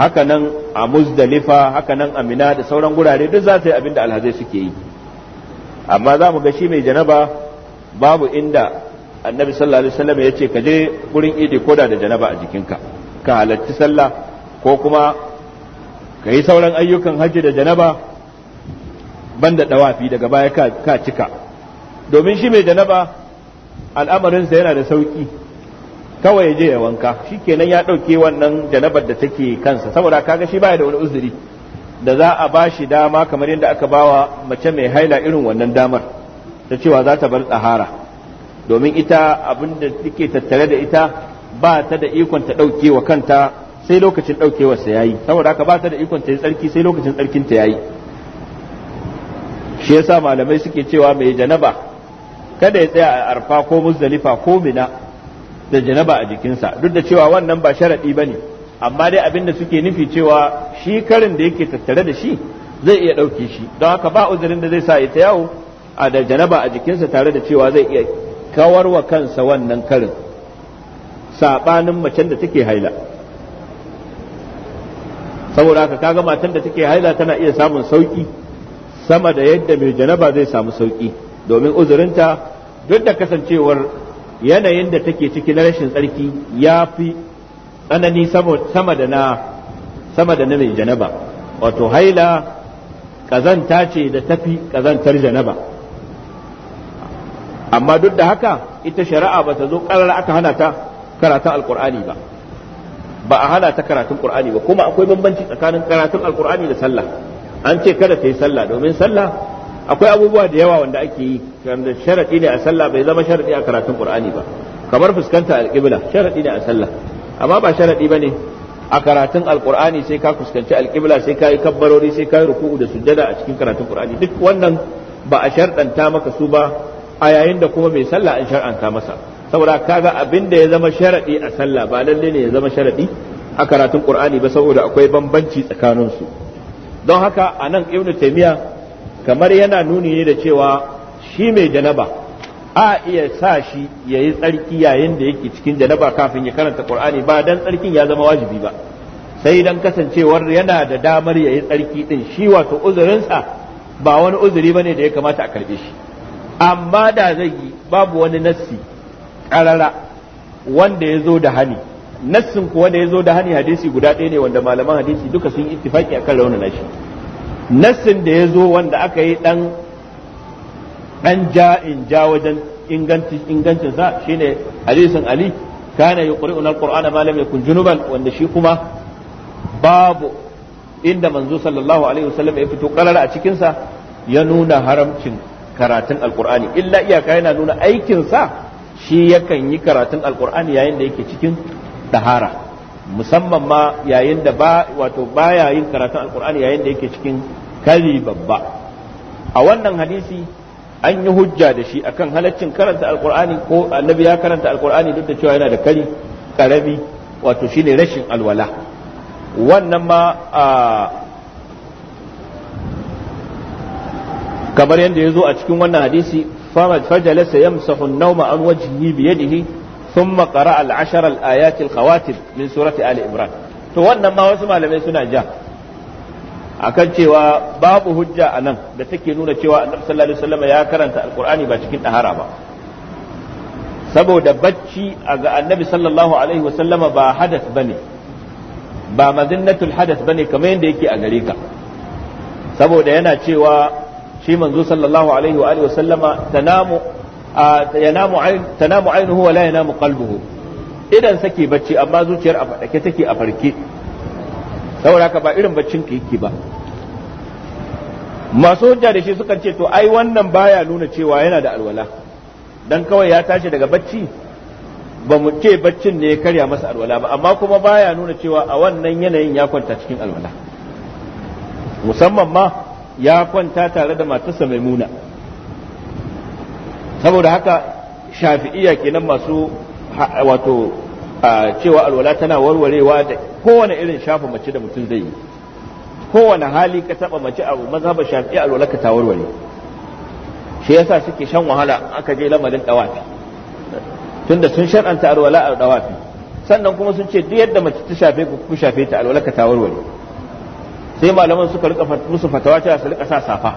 haka nan a muzdalifa haka nan a mina da sauran gurare duk za su yi abin da alhazai suke yi amma za mu ga shi mai janaba babu inda annabi sallallahu alaihi wasallam ya ce ka je gurin idi koda da janaba a jikinka ka halarci sallah ko kuma ka yi sauran ayyukan hajji da janaba banda dawafi daga baya ka cika domin shi mai janaba al'amarinsa yana da sauki kawai ya je ya wanka shi kenan ya ɗauke wannan janabar da take kansa saboda kaga shi baya da wani uzuri da za a ba shi dama kamar yadda aka bawa mace mai haila irin wannan damar ta cewa za ta bar tsahara domin ita abin da take tattare da ita ba ta da ikon ta ɗauke wa kanta sai lokacin ɗaukewarsa ya yi saboda haka ba ta da ikon ta yi tsarki sai lokacin ta ya yi shi yasa malamai suke cewa mai janaba kada ya tsaya a arfa ko muzdalifa ko mina da janaba a jikinsa duk da cewa wannan ba sharaɗi ba ne amma dai abin da suke nufi cewa shi karin da yake tattare da shi zai iya ɗauke shi don haka ba uzurin da zai sa ya ta yawo a da janaba a jikinsa tare da cewa zai iya kawar wa kansa wannan karin saɓanin macen da take haila saboda haka kaga matan da take haila tana iya samun sauki sama da yadda mai janaba zai samu sauki domin uzurinta duk da kasancewar yanayin da take cikin rashin tsarki ya fi tsanani sama da na mai janaba wato haila kazanta ce da tafi kazantar janaba amma duk da haka ita shari'a ba ta zo ƙarar aka hana ta karatun alkur'ani ba ba a hana ta karatun ƙur'ani ba kuma akwai bambanci tsakanin karatun alkur'ani da sallah an ce kada ta yi sallah domin sallah akwai abubuwa da yawa wanda ake yi wanda sharadi ne a sallah bai zama sharadi a karatun qur'ani ba kamar fuskanta alqibla sharadi ne a sallah amma ba sharadi bane a karatun alqur'ani sai ka fuskanci alqibla sai ka yi kabbarori sai ka yi ruku'u da sujjada a cikin karatun qur'ani duk wannan ba a sharɗanta maka su ba a yayin da kuma mai sallah an shar'anta masa saboda kaga abin da ya zama sharadi a sallah ba lalle ne ya zama sharadi a karatun qur'ani ba saboda akwai bambanci tsakanin su don haka a nan ibnu taymiya kamar yana nuni ne da cewa shi mai janaba a iya sa shi ya yi tsarki yayin da yake cikin janaba kafin ya karanta qur'ani ba dan tsarkin ya zama wajibi ba sai dan kasancewar yana da damar ya yi tsarki din shi wato uzurinsa ba wani uzuri ba bane da ya kamata a karbe shi amma da zai yi babu wani nassi ƙarara wanda ya zo da hani nassin kuwa da ya zo da hani hadisi guda ɗaya ne wanda malaman hadisi duka sun yi ittifaki akan raunin shi nassin da ya zo wanda aka yi dan dan ja in ja wajen ingancin sa shine hadisin ali kana yuqri'u alqur'ana ma lam yakun junuban wanda shi kuma babu inda manzo sallallahu alaihi wasallam ya fito kalara a cikinsa, ya nuna haramcin karatun alqur'ani illa iyaka yana nuna aikin sa shi yakan yi karatun alqur'ani yayin da yake cikin dahara musamman ma yayin da ba wato baya yin karatun alkur'ani yayin da yake cikin kari babba a wannan hadisi an yi hujja da shi akan halaccin karanta alkur'ani ko annabi ya karanta alkur'ani duk da cewa yana da kari karami wato shine rashin alwala wannan ma a kamar yadda ya zo a cikin wannan hadisi fajalasa yamsahu an-nawma an wajhihi bi yadihi thumma qara al ashar al ayat al khawatim min surati ali imran to wannan ma wasu malamai suna ja akan cewa babu hujja a nan da take nuna cewa annabi sallallahu alaihi wasallam ya karanta alqur'ani ba cikin dahara ba saboda bacci a ga annabi sallallahu alaihi wasallama ba hadas bane ba mazinnatul hadas bane kamar yadda yake a gare ka saboda yana cewa shi manzo sallallahu alaihi wa alihi wasallama tanamu yanamu ayn tanamu aynuhu wa la yanamu qalbuhu idan sake bacci amma zuciyar a fadake take a farke saboda haka ba irin baccin ka yake ba masu hujja da shi sukan ce to ai wannan baya nuna cewa yana da alwala dan kawai ya tashi daga bacci ba mu ce baccin ne ya karya masa alwala ba amma kuma baya nuna cewa a wannan yanayin ya kwanta cikin alwala musamman ma ya kwanta tare da matarsa mai muna. saboda haka shafi'iyya kenan masu wato cewa alwala tana warwarewa da kowane irin shafa mace da mutum zai yi kowane hali ka taba mace abu mazhabar shafi'iyya alwala ka ta warware shi yasa suke shan wahala aka je lamarin dawafi tunda sun shar'anta alwala a dawafi sannan kuma sun ce duk yadda mace ta shafe ku ku shafe ta alwala ka ta warware sai malaman suka rika musu fatawa cewa su rika sa safa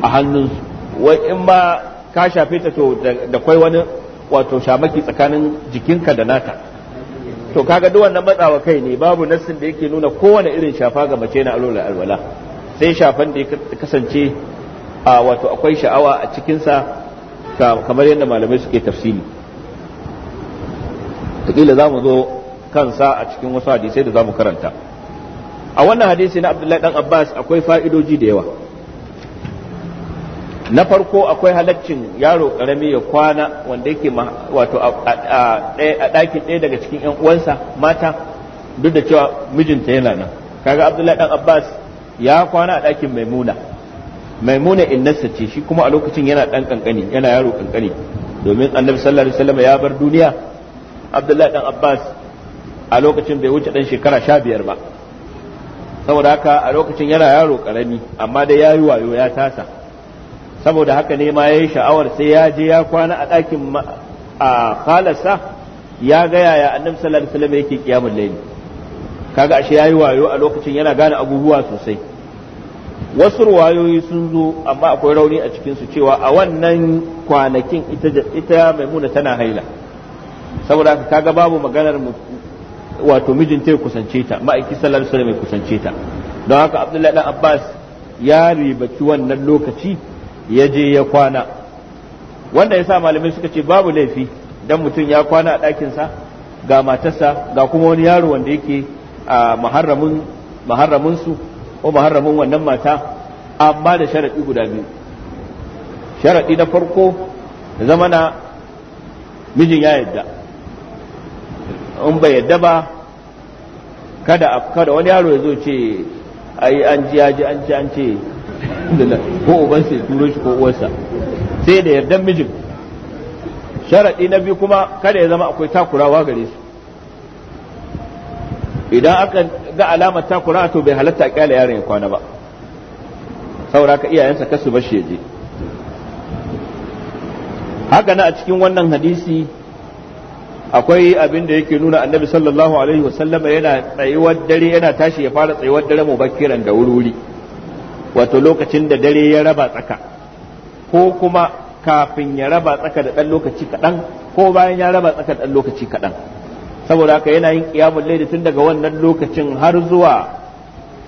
a hannunsu wai in ba ka shafe ta to da kwai wani wato shamaki tsakanin jikinka da nata to kaga duk wannan matsawa kai ne babu nassin da yake nuna kowane irin shafa ga mace na alwala alwala sai shafan da ya kasance a wato akwai sha'awa a cikinsa kamar yadda malamai suke tafsiri takila za mu zo kansa a cikin wasu hadisai da za mu karanta a wannan hadisi na abdullahi dan abbas akwai fa'idoji da yawa na farko akwai halaccin yaro karami ya kwana wanda yake wato a ɗakin ɗaya daga cikin 'yan uwansa mata duk da cewa mijinta yana nan kaga abdullahi dan abbas ya kwana a ɗakin maimuna maimuna in ce shi kuma a lokacin yana ɗan kankani yana yaro kankani domin annabi sallallahu alaihi wasallam ya bar duniya abdullahi dan abbas a lokacin bai wuce ɗan shekara sha biyar ba saboda haka a lokacin yana yaro karami amma dai ya yi wayo ya tasa saboda haka ne ma yayi sha'awar sai ya je ya kwana a ɗakin a khalasa ya ga yaya annabi sallallahu alaihi wasallam yake kiyamul layli kaga ashe yayi wayo a lokacin yana gane abubuwa sosai wasu ruwayoyi sun zo amma akwai rauni a cikin su cewa a wannan kwanakin ita maimuna tana haila saboda haka kaga babu maganar wato mijinta ya kusance ta ma'aiki sallallahu alaihi mai kusance ta don haka abdullahi dan abbas ya ribaci wannan lokaci ya je ya kwana wanda ya sa malamai suka ce babu laifi don mutum ya kwana a ɗakinsa ga matarsa ga kuma wani yaro wanda yake a maharaminsu ko maharramin wannan mata amma da sharaɗi guda biyu sharaɗi na farko zama mijin ya yadda in bai yadda ba kada wani yaro ya zo ce ai an ji an ji an ce ko ubansa turo shi ko uwarsa sai da yardan mijin sharaɗi na biyu kuma kada ya zama akwai takurawa gare su idan aka ga alamar takura to bai halatta a kyale yaron ya kwana ba Saura ka iyayensa kasu bashi ya je haka na a cikin wannan hadisi akwai abin da yake nuna annabi sallallahu alaihi wasallama yana tsayuwar dare yana tashi ya fara tsayuwar dare mu bakiran da wuri wato lokacin da dare ya raba tsaka ko kuma kafin ya raba tsaka da ɗan lokaci kaɗan ko bayan ya raba tsaka da ɗan lokaci kaɗan saboda haka yana yin ƙiyamun laili tun daga wannan lokacin har zuwa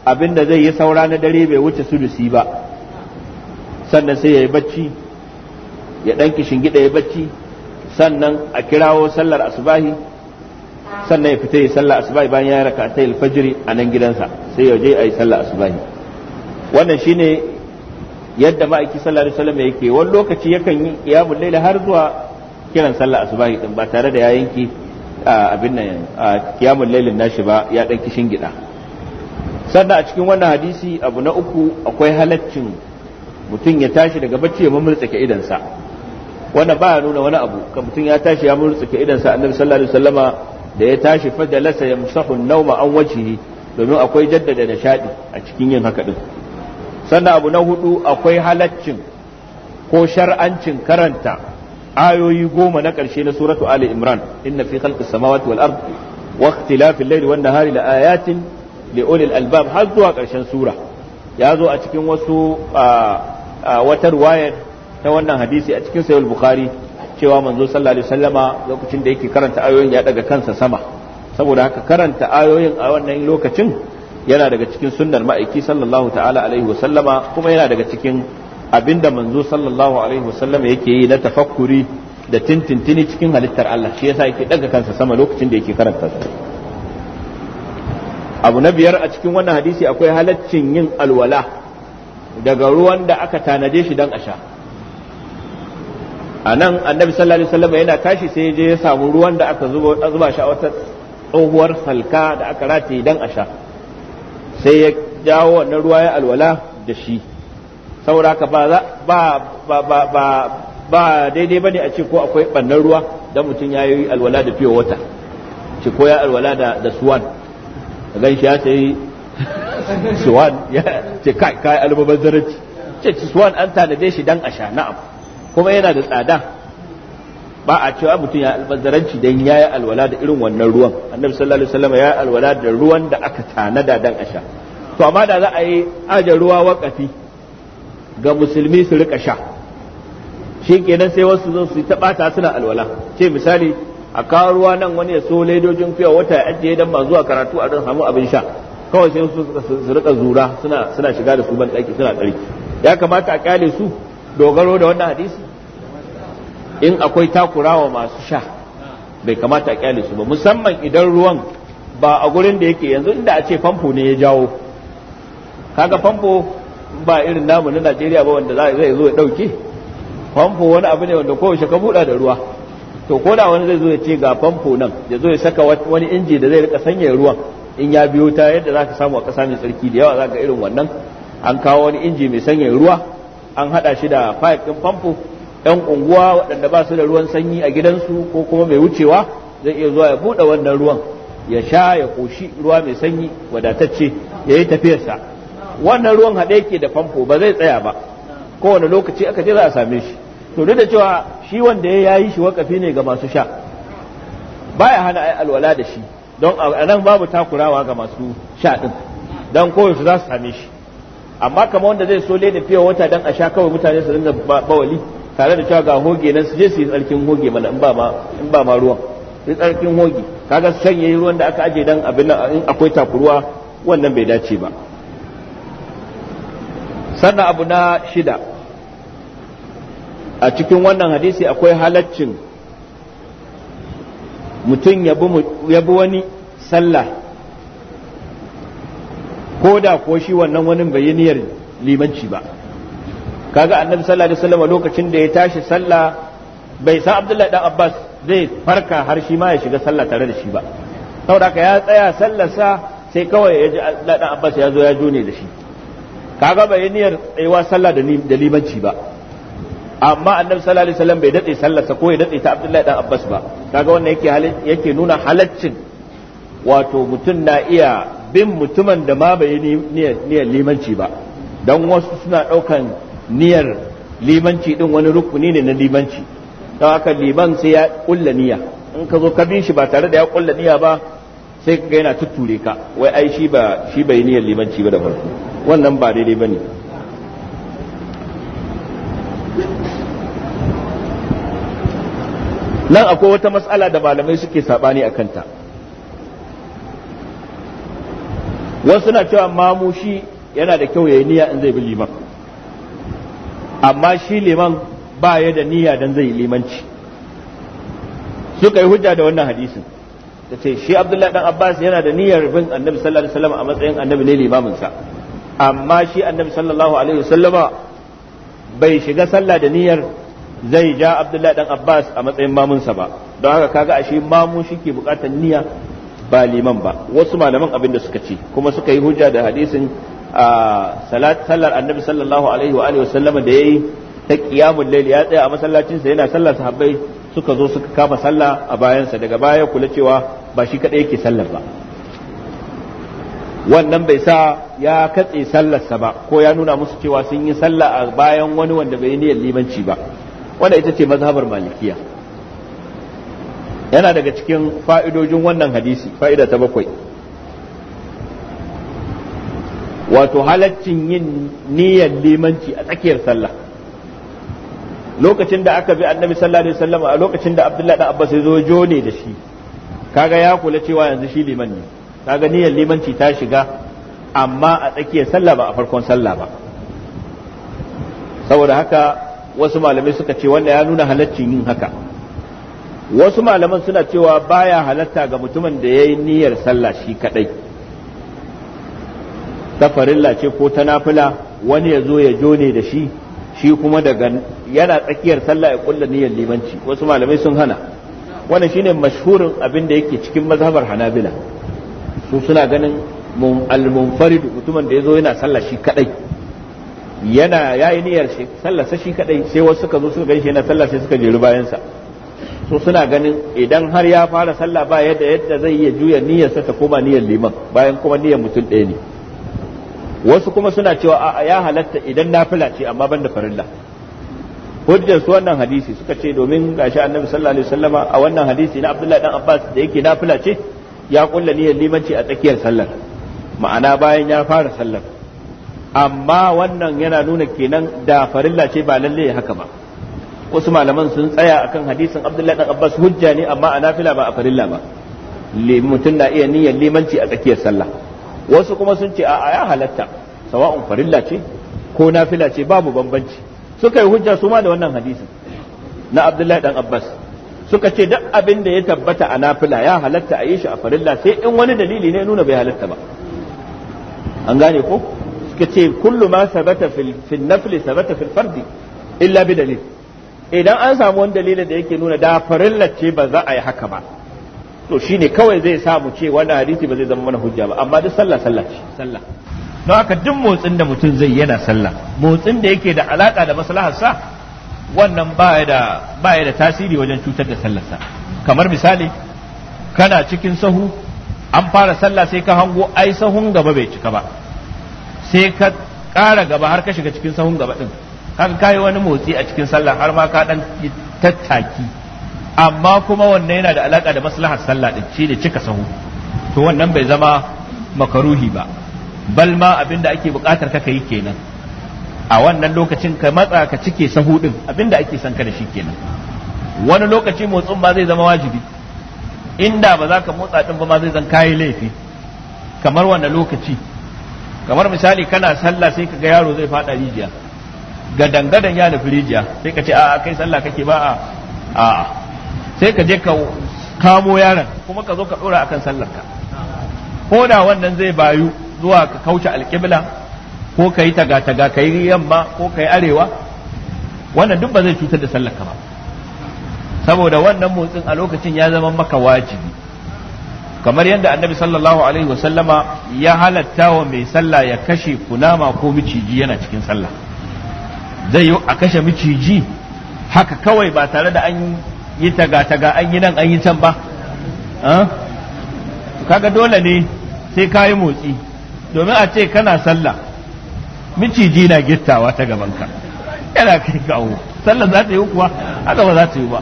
abin da zai yi saura na dare bai wuce sulusi ba sannan sai ya yi bacci ya ɗan gida ya bacci sannan a kirawo sallar asubahi sannan ya fita ya sallar asubahi bayan ya raka ta alfajiri a nan gidansa sai ya je a yi sallar asubahi wannan shine yadda ma'aiki sallallahu alaihi wasallam yake wani lokaci yakan yi qiyamul layl har zuwa kiran sallah asubahi din ba tare da ya yanki abin nan qiyamul laylin nashi ba ya dan kishin gida sannan a cikin wannan hadisi abu na uku akwai halaccin mutum ya tashi daga bacci ya mamurtsake idansa wannan ba nuna wani abu ka mutum ya tashi ya mamurtsake idansa annabi sallallahu alaihi wasallama da ya tashi fadalasa ya musahu nauma an wajihi domin akwai jaddada nishadi a cikin yin haka din sannan abu na hudu akwai halaccin ko shar'ancin karanta ayoyi goma na ƙarshe na suratu ali imran inna fi khalqis samawati wal ard wa ikhtilafil layli wan nahari la ayatin li ulil albab har zuwa ƙarshen sura ya zo a cikin wasu wata riwayar ta wannan hadisi a cikin sahih bukhari cewa manzo sallallahu alaihi wasallama lokacin da yake karanta ayoyin ya daga kansa sama saboda haka karanta ayoyin a wannan lokacin yana daga cikin sunnar ma'aiki sallallahu ta'ala alaihi wa sallama kuma yana daga cikin abinda manzo sallallahu alaihi wa sallama yake yi na tafakkuri da tintintini cikin halittar Allah shi yasa yake daga kansa sama lokacin da yake karanta su abu na biyar a cikin wannan hadisi akwai halaccin yin alwala daga ruwan da aka tanaje shi dan a sha a nan annabi sallallahu alaihi wasallam yana tashi sai ya je ya samu ruwan da aka zuba shi a wata tsohuwar salka da aka rataye dan a sha sai ya jawo wannan ruwa ya alwala da shi saboda ka ba ba ba ba ba daidai bane a ce ko akwai bannan ruwa dan mutum ya yi alwala da fiye wata ce ko ya alwala da da suwan gan shi ya sai suwan <laughs> ya ce kai kai albaban zaraci ce suwan an tanade shi dan a sha na'am kuma yana da tsada ba a cewa mutum ya albazaranci dan ya yi alwala da irin wannan ruwan annabi sallallahu alaihi wasallam ya yi alwala da ruwan da aka da dan a sha to amma da za a yi aje ruwa wakafi ga musulmi su rika sha shi kenan sai wasu zo su yi tabata suna alwala ce misali a kawo ruwa nan wani ya so ledojin fiya wata ya ajiye dan ba zuwa karatu a don samu abin sha kawai sai su rika zura suna shiga da su ban daki suna tsari ya kamata a kyale su dogaro da wannan hadisi in akwai takurawa masu sha bai kamata a kyale su ba musamman idan ruwan ba a gurin da yake yanzu inda a ce famfo ne ya jawo kaga famfo ba irin namu na Najeriya ba wanda zai zo ya dauke famfo wani abu ne wanda kowace ka buɗa da ruwa to ko da wani zai zo ya ce ga famfo nan ya zo ya saka wani inji da zai rika sanya ruwan in ya biyo ta yadda za ka samu a ƙasa mai tsarki da yawa za ka irin wannan an kawo wani inji mai sanya ruwa an haɗa shi da pipe ɗin famfo 'yan unguwa waɗanda ba su da ruwan sanyi a gidansu ko kuma mai wucewa zai iya zuwa ya buɗe wannan ruwan ya sha ya koshi ruwa mai sanyi wadatacce ya yi tafiyarsa wannan ruwan haɗe yake da famfo ba zai tsaya ba kowane lokaci aka je za a same shi to duk da cewa shi wanda ya yayi shi wakafi ne ga masu sha baya hana ai alwala da shi don a nan babu takurawa ga masu sha din don su za su same shi amma kamar wanda zai so leda fiye wata don a sha kawai mutane su dinga bawali tare da cewa ga hoge nan su je su yi tsarkin hoge mana in ba ma in ba ma ruwan in tsarkin hoge kaga sanye ruwan da aka ajiye dan abin in akwai takuruwa wannan bai dace ba sannan abu na shida a cikin wannan hadisi akwai halaccin mutum ya bi wani sallah ko da ko shi wannan wani bai limanci ba kaga annabi sallallahu alaihi wasallam lokacin da ya tashi sallah bai san abdullahi dan abbas zai farka har shi ma ya shiga sallah tare da shi ba saboda haka ya tsaya sallarsa sai kawai ya ji abdullahi dan abbas ya zo ya jone da shi kaga bai niyyar tsayuwa sallah da limanci ba amma annabi sallallahu alaihi wasallam bai datse sallarsa ko ya datse ta abdullahi dan abbas ba kaga wannan yake yake nuna halaccin wato mutum na iya bin mutumin da ma bai niyyar limanci ba dan wasu suna ɗaukan niyar limanci din wani rukuni ne na limanci ta haka liman sai ya kulla niyya in ka zo ka bin shi ba tare da ya kulla niyya ba sai ka ga yana tutture ka wai ai shi ba shi bai niyyar limanci ba da farko wannan ba daidai bane nan akwai wata matsala da malamai suke sabani a kanta wasu na cewa mamushi yana da kyau ya yi niyya in zai bi liman amma shi liman ba ya da niyya dan zai limanci suka yi hujja da wannan hadisin ta ce shi abdullahi dan abbas yana da niyyar bin annabi sallallahu alaihi wasallam a matsayin annabi ne limamin sa amma shi annabi sallallahu alaihi wasallama bai shiga sallah da niyyar zai ja abdullahi dan abbas a matsayin sa ba don haka kaga ashe mamu shike bukatar niyya ba liman ba wasu malaman abin da suka ci kuma suka yi hujja da hadisin salat sallar annabi sallallahu alaihi wa alihi wasallam da yayi ta qiyamul layl ya tsaya a masallacin sa yana sallar sahabbai suka zo suka kafa sallah a bayansa daga baya kula cewa ba shi kadai yake sallar ba wannan bai sa ya katse sallar sa ba ko ya nuna musu cewa sun yi sallah a bayan wani wanda bai niyyar limanci ba wanda ita ce mazhabar malikiya yana daga cikin fa'idojin wannan hadisi fa'ida ta bakwai wato halaccin yin niyyar limanci a tsakiyar sallah lokacin da aka bi annabi sallallahu alaihi wasallam a lokacin da abdullahi dan abbas ya zo jo ne da shi kaga ya kula cewa yanzu shi liman ne kaga niyyar limanci ta shiga amma a tsakiyar sallah ba a farkon sallah ba saboda haka wasu malamai suka ce wanda ya nuna halaccin yin haka wasu malaman suna cewa baya halatta ga mutumin da ya yi niyyar sallah shi kadai ta farilla ce ko ta nafila wani ya zo ya jone da shi shi kuma daga yana tsakiyar sallah ya kulla niyyar limanci wasu malamai sun hana wannan shine mashhurin abin da yake cikin mazhabar hanabila su suna ganin al-munfarid mutumin da yazo yana sallah shi kadai yana yayi niyyar shi sallah sa shi kadai sai wasu suka zo suka gaishe yana sallah sai suka jeru bayan sa su suna ganin idan har ya fara sallah ba yadda yadda zai iya juya niyyarsa ta koma niyyar liman bayan kuma niyyar mutum ɗaya ne wasu kuma suna cewa a ya halatta idan nafila ce amma ban da farilla hujjar su wannan hadisi suka ce domin gashi annabi sallallahu alaihi wasallama a wannan hadisi na abdullahi dan abbas da yake nafila ce ya kulla niyyar limanci a tsakiyar sallar ma'ana bayan ya fara sallar amma wannan yana nuna kenan da farilla ce ba lalle haka ba wasu malaman sun tsaya akan hadisin abdullahi dan abbas hujja ne amma a nafila ba a farilla ba mutum na iya niyyar limanci a tsakiyar sallah wasu kuma sun ce a'a ya halatta sawa'un farilla ce ko nafila ce babu bambanci suka yi hujja su ma da wannan hadisin na Abdullahi dan Abbas suka ce duk abin da ya tabbata a nafila ya halatta a yi shi a farilla sai in wani dalili ne nuna bai halatta ba an gane ko suka ce kullu ma sabata fil nafli sabata fil fardi illa bi dalil idan an samu wani dalilin da yake nuna da farilla ce ba za a yi haka ba to shine kawai zai samu ce wannan hadisi ba zai zama mana hujja ba amma duk sallah sallah ce sallah don haka duk motsin da mutum zai yana sallah motsin da yake da alaka da maslahar sa wannan baya da baya da tasiri wajen cutar da sallar sa kamar misali kana cikin sahu an fara sallah sai ka hango ai sahun gaba bai cika ba sai ka kara gaba har ka shiga cikin sahun gaba din kaga kai wani motsi a cikin sallah har ma ka dan tattaki amma kuma wannan yana da alaka da maslahar sallah din ne cika sahu to wannan bai zama makaruhi ba bal ma abinda ake bukatar ka yi kenan a wannan lokacin ka matsa ka cike sahu din abinda ake son ka da shi kenan wani lokaci motsin ba zai zama wajibi inda ba za ka motsa din ba ma zai zan kayi laifi kamar wannan lokaci kamar misali kana sallah sai ka ga yaro zai fada rijiya ga dangadan ya nufi rijiya sai ka ce a'a kai sallah kake ba a a'a sai ka je ka kamo yaron kuma ka zo ka dora akan sallar ka. ko da wannan zai bayu zuwa ka kauce alƙibla ko ka yi taga-taga ka yamma ko ka yi arewa wannan duk ba zai cutar da sallar ka ba saboda wannan motsin a lokacin ya zama maka wajibi kamar yadda annabi sallallahu alaihi wasallama ya halatta wa mai sallah ya kashe kunama ko miciji yana cikin sallah zai yi a kashe miciji haka kawai ba tare da an yi taga-taga an yi nan an yi can ba kaga dole ne sai ka yi motsi domin a ce kana sallah miciji na gittawa ta gabanka yana kai kawo sallah za ta yi kuwa haka ba za ta yi ba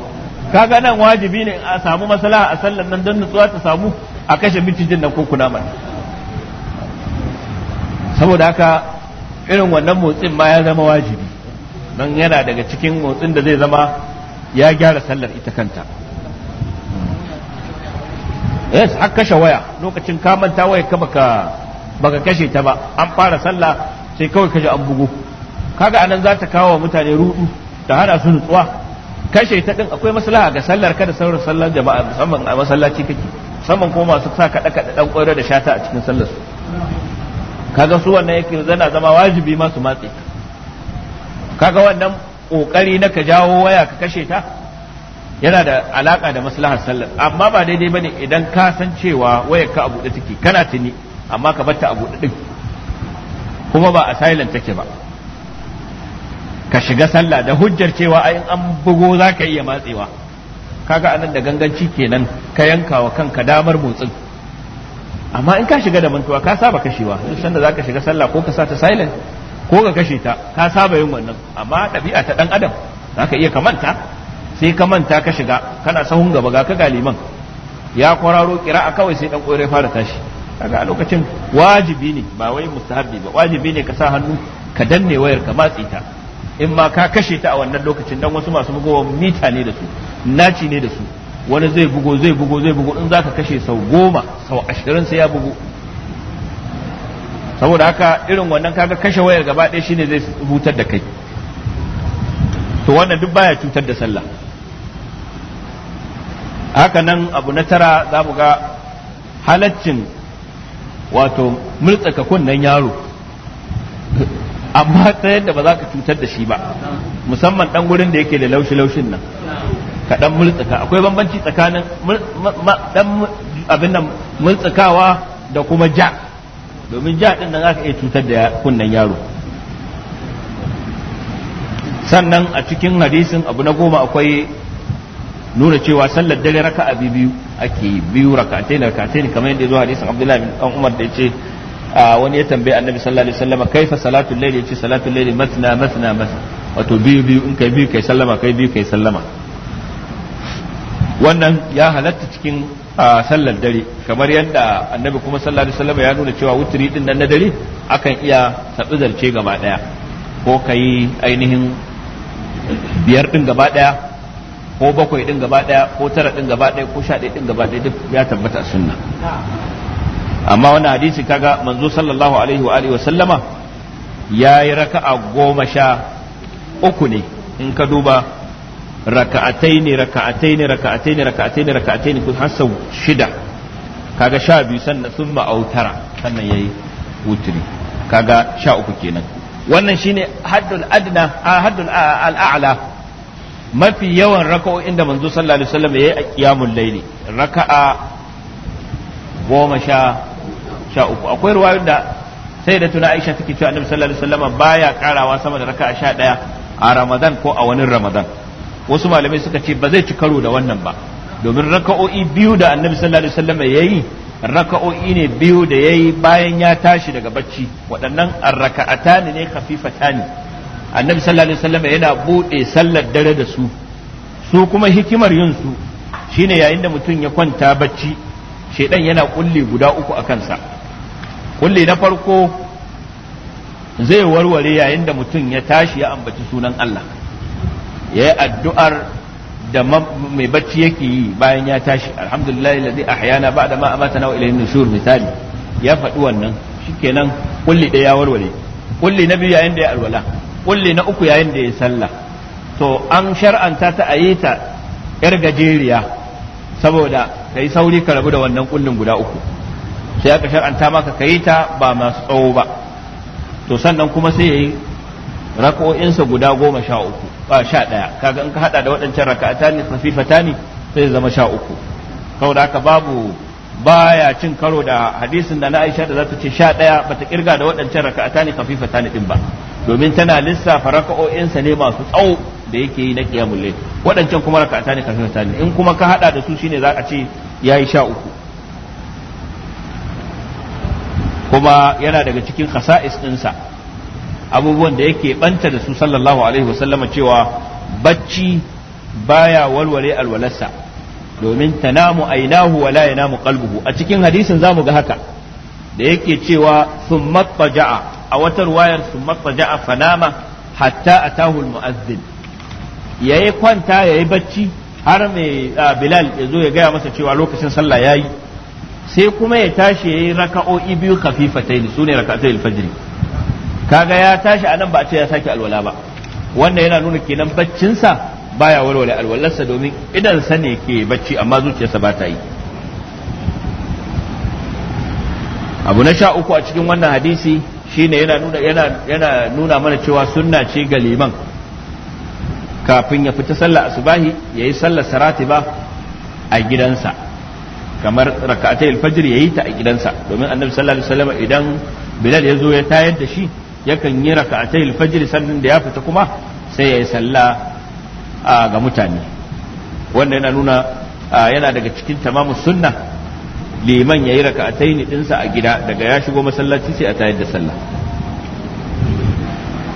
kaga nan wajibi ne a samu masala a sallar nan don nutsuwa ta samu a kashe micijin nan ko kunamar saboda haka irin wannan motsin ma ya zama wajibi don yana daga cikin motsin da zai zama ya gyara sallar ita kanta yes har kashe waya lokacin ka manta waya ka baka baka kashe ta ba an fara sallah sai kawai kashe an bugu kaga anan za ta kawo mutane ruɗu ta hana su nutsuwa kashe ta din akwai maslaha ga sallar kada da sauran sallar jama'a musamman a masallaci kake musamman kuma masu sa kada kada dan koyar da shata a cikin sallar su kaga su wannan yake zana zama wajibi ma su matse kaga wannan ƙoƙari na ka jawo waya ka kashe ta yana da alaƙa da maslahar sallar amma ba daidai bane idan ka san cewa wayar ka abu da take kana tuni amma ka batta abu din kuma ba a silent take ba ka shiga sallah da hujjar cewa ai an bugo za ka iya matsewa kaga anan da ganganci kenan ka yanka wa kanka damar motsin amma in ka shiga da mantuwa ka saba kashewa duk sanda za ka shiga sallah ko ka sa ta silent ko ga kashe ta ka saba yin wannan amma ɗabi'a ta ɗan adam za ka iya kamanta sai ka manta ka shiga kana sahun gaba ga ka galiman ya kwararo kira a kawai sai ɗan ƙorai fara tashi kaga a lokacin wajibi ne ba wai mustahabbi ba wajibi ne ka sa hannu ka danne wayar ka matsi ta in ma ka kashe ta a wannan lokacin dan wasu masu bugowa mita ne da su naci ne da su wani zai bugo zai bugo zai bugo in zaka kashe sau goma sau ashirin sai ya bugu. saboda haka irin wannan kaga kashe wayar gaba ɗaya shine zai hutar da kai to wannan duk baya cutar da sallah haka nan abu na tara za mu ga halaccin wato murtsaka kunnen yaro <laughs> amma ta yadda ba za ka cutar da shi ba musamman dan gurin da yake da laushi-laushin nan ka dan murtsaka akwai bambanci tsakanin dan abin nan murtsakawa da kuma ja domin ja din nan zaka iya cutar da kunnen yaro sannan a cikin hadisin abu na goma akwai nuna cewa sallar dare a biyu ake biyu raka'atai raka'atai kamar yadda ya zo hadisin Abdullahi bin Umar da yace wani ya tambaye annabi sallallahu alaihi wasallam kaifa salatul layl yace salatul layl matna matna matna wato biyu biyu in kai biyu kai sallama kai biyu kai sallama wannan ya halatta cikin a sallar dare kamar yadda annabi kuma sallallahu alaihi wasallam ya nuna cewa wuturi din nan na dare akan iya sabi zarce gaba daya ko kai ainihin biyar din gaba daya ko bakwai din gaba daya ko tara din gaba daya ko sha ɗaya din gaba daya duk ya tabbata sunna amma wannan hadisi kaga manzo sallallahu alaihi wa alihi wasallama yayi raka'a goma sha uku ne in ka duba raka'atai ne raka'atai ne raka'atai ne raka'atai ne raka'atai ne har sau shida kaga sha biyu sannan sun ma'autara sannan ya yi wuturi kaga sha uku kenan wannan shine haddul adna haddul al'a'la mafi yawan raka'o'in da manzo sallallahu alaihi wasallam yayi a qiyamul layli raka'a goma sha sha uku akwai ruwayar da sai da tuna Aisha take cewa annabi sallallahu alaihi wasallam baya karawa sama da raka'a sha daya a Ramadan ko a wani Ramadan wasu malamai suka ce ba zai ci karo da wannan ba domin raka'o'i biyu da annabi sallallahu alaihi wasallam yi raka'o'i ne biyu da yayi bayan ya tashi daga bacci waɗannan arraka'atani ne khafifatani annabi sallallahu alaihi wasallam yana bude sallar dare da su su kuma hikimar yin su shine yayin da mutum ya kwanta bacci shedan yana kulle guda uku a kansa kulle na farko zai warware yayin da mutum ya tashi ya ambaci sunan Allah ya yi addu'ar da mai bacci yake yi bayan ya tashi alhamdulillah a hayana ahyana da ma a mata nawa ilayhi nushur misali ya faɗi wannan shi kenan kulli ɗaya ya warware kulli na biyu yayin da ya alwala kulli na uku yayin da ya sallah to an shar'anta ta a yi ta yar gajeriya saboda ka yi sauri ka rabu da wannan kullin guda uku sai aka shar'anta maka ka yi ta ba masu tsawo ba to sannan kuma sai ya yi rako'insa guda goma sha uku sha ɗaya kaga in ka haɗa da waɗancan raka'ata ne khafifata ne sai zama sha uku saboda haka babu baya cin karo da hadisin da na Aisha da zata ce sha ɗaya bata kirga da waɗancan raka'ata ne khafifata ne din ba domin tana lissafa raka'o'insa ne masu tsawo da yake yi na qiyamul layl waɗancan kuma raka'ata ne khafifata ne in kuma ka haɗa da su shine za ka ce yayi sha uku kuma yana daga cikin khasa'is ɗinsa abubuwan da yake banta da su sallallahu alaihi wasallama cewa bacci baya walwale alwalarsa domin tanamu ainahu wala mu qalbuhu a cikin hadisin zamu ga haka da yake cewa thumma taja'a a wata ruwayar thumma taja'a fanama hatta atahu ya yayi kwanta yayi bacci har mai Bilal ya zo ya gaya masa cewa lokacin sallah yayi sai kuma ya tashi yayi raka'o'i biyu khafifatain sune raka'atul fajiri kaga ya tashi a nan ba a ce ya sake alwala ba wannan yana nuna kenan baccinsa baya walwale alwalarsa domin idan sa ne ke bacci amma zuciyarsa ba ta yi abu na sha uku a cikin wannan hadisi shine yana nuna yana yana nuna mana cewa sunna ce ga liman kafin ya fita sallah asubahi yayi sallar sarati ba a gidansa kamar raka'atai alfajr yayi ta a gidansa domin annabi sallallahu alaihi wasallam idan bilal ya zo ya tayar da shi yakan yi raka'atai fajiri sannan da ya fita kuma sai ya yi sallah ga mutane wanda yana nuna yana daga cikin tamamu sunna liman yayi raka'atai ne dinsa a gida daga ya shigo masallaci sai a tayar da sallah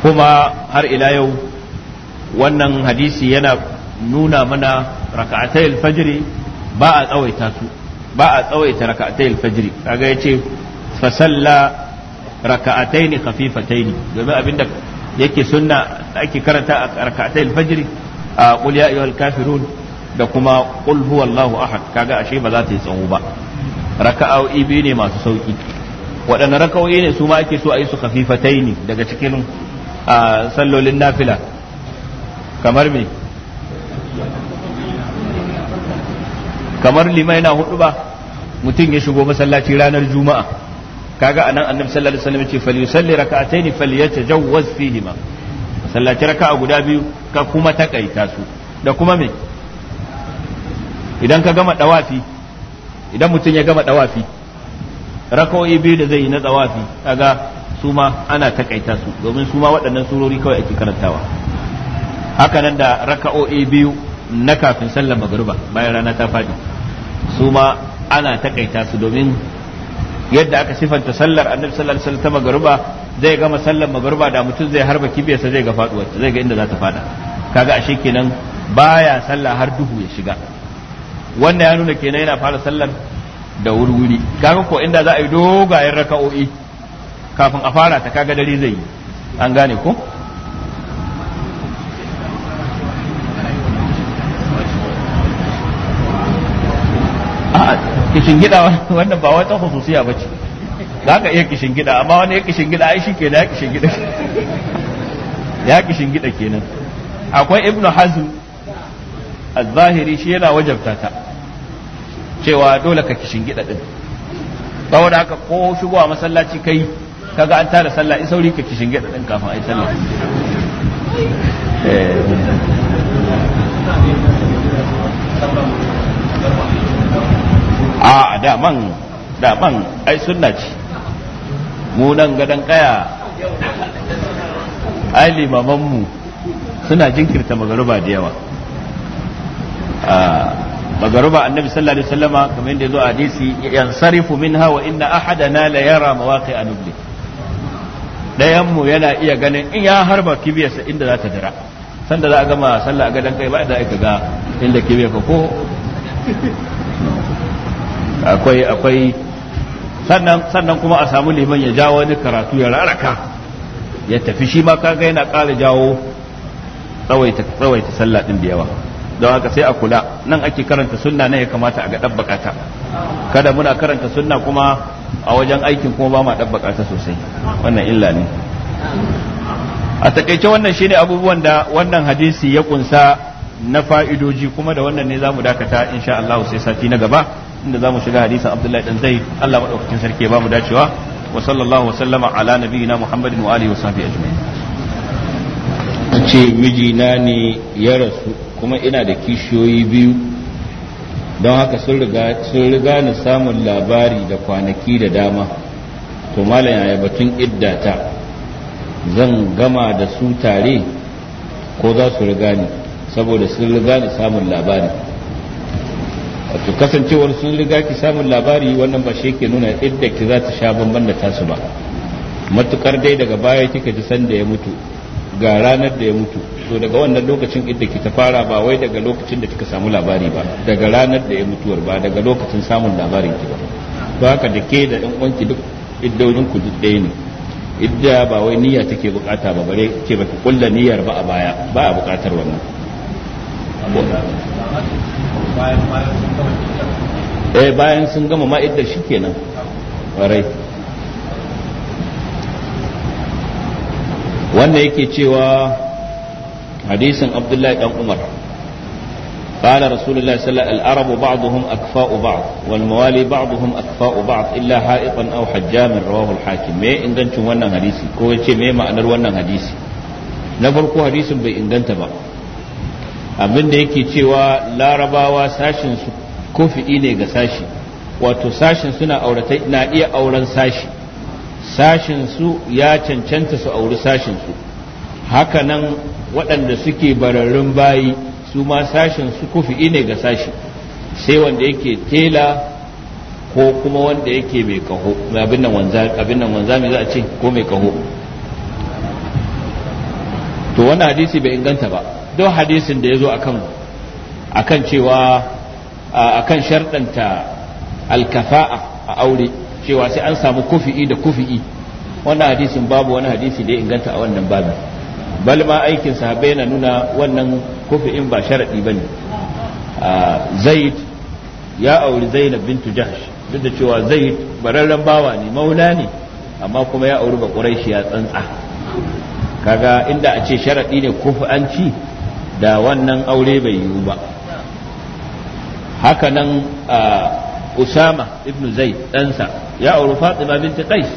kuma har ila yau wannan hadisi yana nuna mana raka'atai ba a tsawaita su ba a tsawaita raka'atai alfajr kaga yace fa salla Raka'atai raka'ataini khafifataini domin abinda yake sunna ake karanta a raka'atai alfajr a qul ya ayyuhal kafirun da kuma qul huwallahu ahad kaga ashe ba za ta yi tsawo ba raka'o'i biyu ne masu sauki waɗanne raka'o'i ne su ma ake so a yi su ne daga cikin sallolin nafila kamar me kamar limai na hudu ba mutum ya shigo masallaci ranar juma'a kaga anan annabi sallallahu alaihi wasallam yace falyusalli rak'ataini falyatajawwaz fihima sallati raka'a guda biyu ka kuma takaita su da kuma me idan ka gama dawafi idan mutum ya gama dawafi raka'o'i biyu da zai yi na dawafi kaga su ma ana takaita su domin su ma waɗannan surori kawai ake karantawa haka nan da raka'o'i biyu na kafin sallar magruba bayan rana ta fadi su ma ana takaita su domin yadda aka sifanta sallar annabi sallallahu alaihi wasallam magruba zai gama sallar magruba da mutum zai harba kibiyarsa zai ga faduwar zai ga inda za ta fada kaga ashe kenan baya sallah har duhu ya shiga wannan ya nuna kenan yana fara sallar da wurwuri kaga ko inda za a yi dogayen raka'o'i kafin a fara ta kaga dare zai yi an gane ko kishin gida <laughs> wannan ba wata hususiya ba ce za ka iya kishin gida amma wani ya kishin gida ai shi da ya kishin gida <laughs> ya kishin gida kenan akwai ibnu hazm al zahiri shi yana wajabta ta cewa dole ka kishin gida din saboda haka ko shigowa masallaci kai kaga an tara sallah in sauri ka kishin gida din kafin ai sallah eh a daman daman ai sunna ce mu nan gadan kaya ai limamanmu suna jinkirta magaruba da yawa magaruba annabi sallallahu alaihi wasallama kamar yadda zo a hadisi yansarifu minha wa inna ahadana la yara mawaqi anubli dayan mu yana iya ganin in ya harba kibiyarsa inda za ta dira sanda za a gama sallah a gadon kai ba da aka ga inda kibiyar ko akwai akwai sannan sannan kuma a samu liman ya jawo wani karatu ya raraka ya tafi shi ma kaga yana ƙara jawo tsawaita tsawaita sallah din da yawa don haka sai a kula nan ake karanta sunna ne ya kamata a ga dabbaka kada muna karanta sunna kuma a wajen aikin kuma ba ma dabbaka ta sosai wannan illa ne a takaice wannan shine abubuwan da wannan hadisi ya kunsa na fa'idoji kuma da wannan ne zamu dakata insha Allah sai sati na gaba inda zamu shiga hadisin Abdullahi dan zai Allah madaukakin sarki ya mu dacewa wa sallallahu wa sallama ala nabiyina Muhammadin wa alihi wa sahbihi ajma'in ce mijina ne ya rasu kuma ina da kishiyoyi biyu don haka sun riga ni samun labari da kwanaki da dama to malam yaya batun iddata zan gama da su tare ko za su riga ni saboda sun riga ni samun labari wato kasancewar sun riga ki samun labari wannan ba shi nuna idda ki za ta sha bamban da tasu ba matukar dai daga baya kika ji sanda ya mutu ga ranar da ya mutu to daga wannan lokacin idda ki ta fara ba wai daga lokacin da kika samu labari ba daga ranar da ya mutuwar ba daga lokacin samun labarin ki ba to haka da ke da ɗan uwanki duk iddaunin ku duk ɗaya ne idda ba wai niyya take bukata ba bare ce baki kulla niyyar ba a baya ba a bukatar wannan eh bayan sun gama ma'idda shi kenan warai wanda yake cewa hadisin abdullahi dan umar قال رسول الله صلى الله عليه وسلم العرب بعضهم أكفاء بعض والموالي بعضهم أكفاء بعض إلا حائطا أو حجام رواه الحاكم ما إن كنت وانا حديثي كو يتشي ما معنى وانا حديثي نفرق حديث بإن كنت بقى Abin abinda yake cewa larabawa sashin su kufi'i ne ga sashi wato sashin suna aurata na iya auren sashi sashin su ya cancanta su auri sashin su hakanan waɗanda suke bararrun bayi su ma sashin su kufi'i ne ga sashi sai wanda yake tela ko kuma wanda yake mai kaho abin nan wanzami za a ce ko mai kaho to wani hadisi bai inganta ba don hadisin da ya zo a kan cewa a kan sharɗanta alkafa'a a aure cewa sai an samu kufi'i da kufi'i wannan hadisin babu wani hadisi da ya inganta a wannan babin bal ma aikin sahabbai yana nuna wannan kufi'in ba sharaɗi ba ne zaid ya auri zainab bintu jahsh duk da cewa zaid bararren bawa ne maula ne amma kuma ya auri ba ya tsantsa kaga inda a ce sharaɗi ne kufi'anci da wannan aure bai yiwu ba haka nan usama ibn zaid ɗansa ya auri fatima binti qais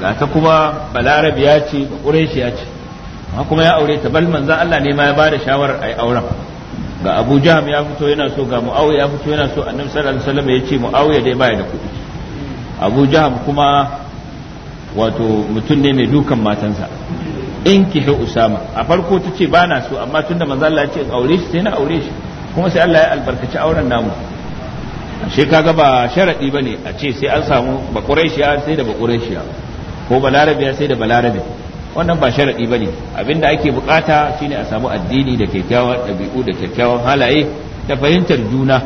ga ta kuma balarabiya ce ba ya ce amma kuma ya aure ta bal manzan Allah ne ma ya bada shawarar a yi auren ga Abu Jahm ya fito yana so ga Muawiya ya fito yana so Annabi sallallahu alaihi wasallam ya ce Muawiya dai baya da kuɗi Abu Jahm kuma wato mutum ne mai dukan matansa in ki usama a farko ta ce ba so amma tunda manzo Allah ya ce aure shi sai na aure shi kuma sai Allah ya albarkaci auren namu ashe kaga ba sharadi bane a ce sai an samu ba quraishiya sai da ba quraishiya ko balarabiya sai da balarabi wannan ba sharadi bane abinda ake bukata shine a samu addini da kyakkyawan dabi'u da kyakkyawan halaye da fahimtar juna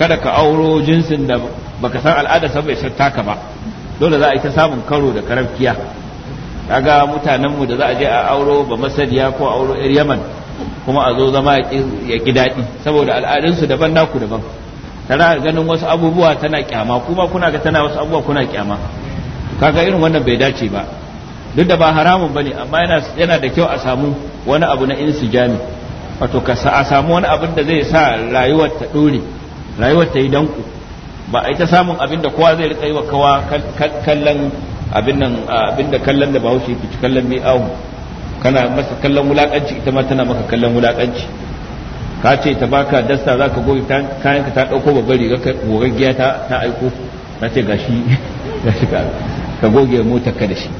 kada ka auro jinsin da baka san al'ada sa bai san ba dole za a yi ta samun karo da karafkiya kaga mutanenmu da za a je a auro ba masadiya ko auro yar yaman kuma a zo zama ya ki daɗi saboda al'adunsu daban naku daban tana ganin wasu abubuwa tana kyama kuma kuna ga tana wasu abubuwa kuna kyama kaga irin wannan bai dace ba duk da ba haramun bane amma yana yana da kyau a samu wani abu na insijami wato ka a samu wani abin da zai sa rayuwar ta dore rayuwar ta yi danko ba a yi ta samun abin da kowa zai rika yi wa kawa kallon abin nan abin da kallon da bahaushe yake ci kallon mai awu kana masa kallon wulakanci ita ma tana maka kallon wulakanci ka ce ta baka dasta za ka goge kayan ka ta ɗauko babbar riga ka gogaggiya ta ta aiko ta ce gashi <laughs> gashi ka ka goge motar ka da shi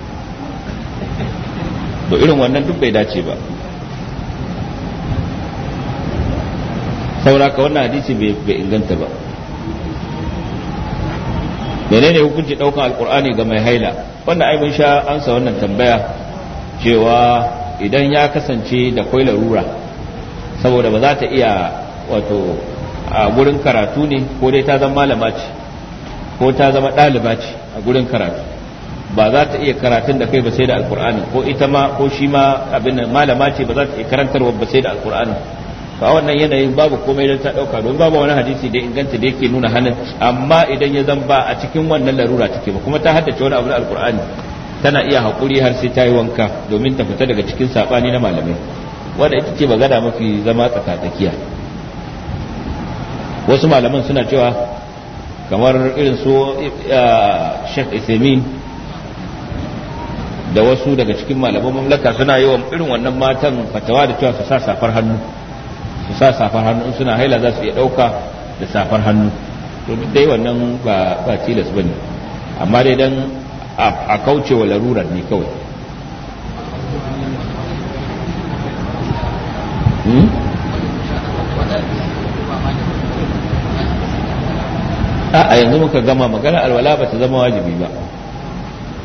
to irin wannan duk bai dace ba saura ka wannan hadisi bai inganta ba menene hukunci daukan alkur'ani ga mai haila wanda ai mun sha ansa wannan tambaya cewa idan ya kasance da kwai larura saboda ba za ta iya wato a gurin karatu ne ko dai ta zama malama ce ko ta zama ɗaliba ce a gurin karatu ba za ta iya karatun da kai ba sai da alkur'ani ko ita ma ko shi ma abin malama ce ba za ta iya karantarwa ba sai da alkur'ani ka wannan yanayin babu komai don ta dauka don babu wani hadisi da inganta da yake nuna hannun amma idan ya zan ba a cikin wannan larura take ba kuma ta haddace wani abu na alkur'ani tana iya haƙuri har sai ta yi wanka domin ta fita daga cikin saɓani na malamai wanda ita ce ba gada mafi zama tsakatsakiya wasu malaman suna cewa kamar irin su eh, shek isemin da wasu daga cikin malaman mamlaka suna yi wa irin wannan matan fatawa da cewa su sa safar hannu su sa safar hannu in suna haila za su iya ɗauka da safar hannu to duk dai wannan ba ba tilas bane amma dai dan a kauce wa larurar ne kawai hmm? a yanzu muka gama magana alwala ba ta zama wajibi ba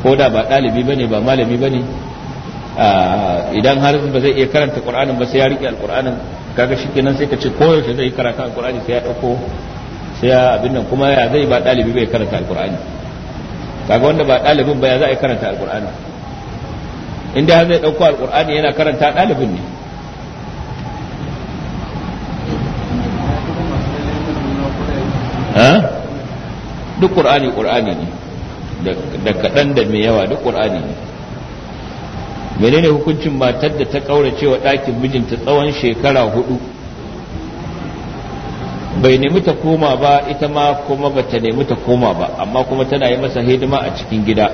ko da ba ɗalibi ba ne ba malami ba ne idan har ba zai iya karanta qur'anin ba sai ya rike alqur'anin kaga shikenan sai ka ce koyaushe zai karanta alqur'ani sai ya dauko sai ya abin nan kuma ya zai ba dalibi bai karanta alqur'ani kaga wanda ba dalibin ba ya za a karanta alqur'ani inda har zai dauko alqur'ani yana karanta dalibin ne duk qur'ani qur'ani ne da kaɗan da mai yawa duk qur'ani ne menene hukuncin matar da ta kaura wa ɗakin mijinta tsawon shekara hudu bai nemi ta koma ba ita ma kuma ba ta nemi ta koma ba amma kuma tana yi masa hidima a cikin gida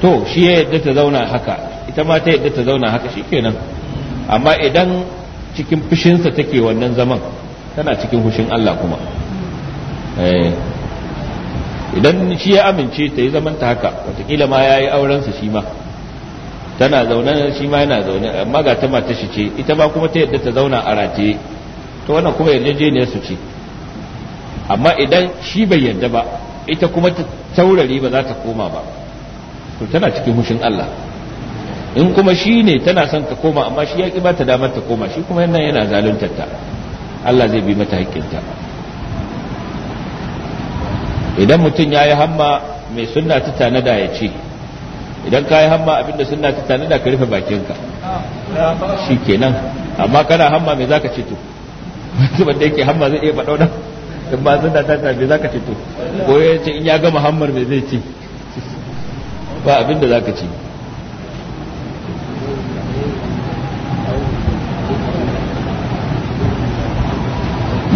to shi ya yadda ta zauna haka ita ma ta yadda ta zauna haka shi kenan amma idan cikin fushinsa take wannan zaman tana cikin fushin Allah kuma eh. idan shi ya amince ta yi zaman ta haka watakila ma ya yi aurensa shi ma tana zaune shi ma yana zaune amma ga ta mata shi ce ita ba kuma ta yadda ta zauna a rataye to wannan kuma yarjejeniyar su ce amma idan shi bai yarda ba ita kuma ta taurari ba za ta koma ba to tana cikin hushin Allah in kuma shi ne tana son ta koma amma shi ya ki ba ta damar ta koma shi kuma yana yana zaluntar ta Allah zai bi mata haƙƙinta idan mutum ya yi hamma mai sunna ta tanada ya ce idan ka yi hamma abinda sunna ta tani da ka rufe bakinka shi kenan amma kana hamma me ka ce to wanda da yake hamma zai iya faɗo nan in ba suna ta mai me ka ce to ko ya ce in ya gama hammar me zai ce ba abinda ka ce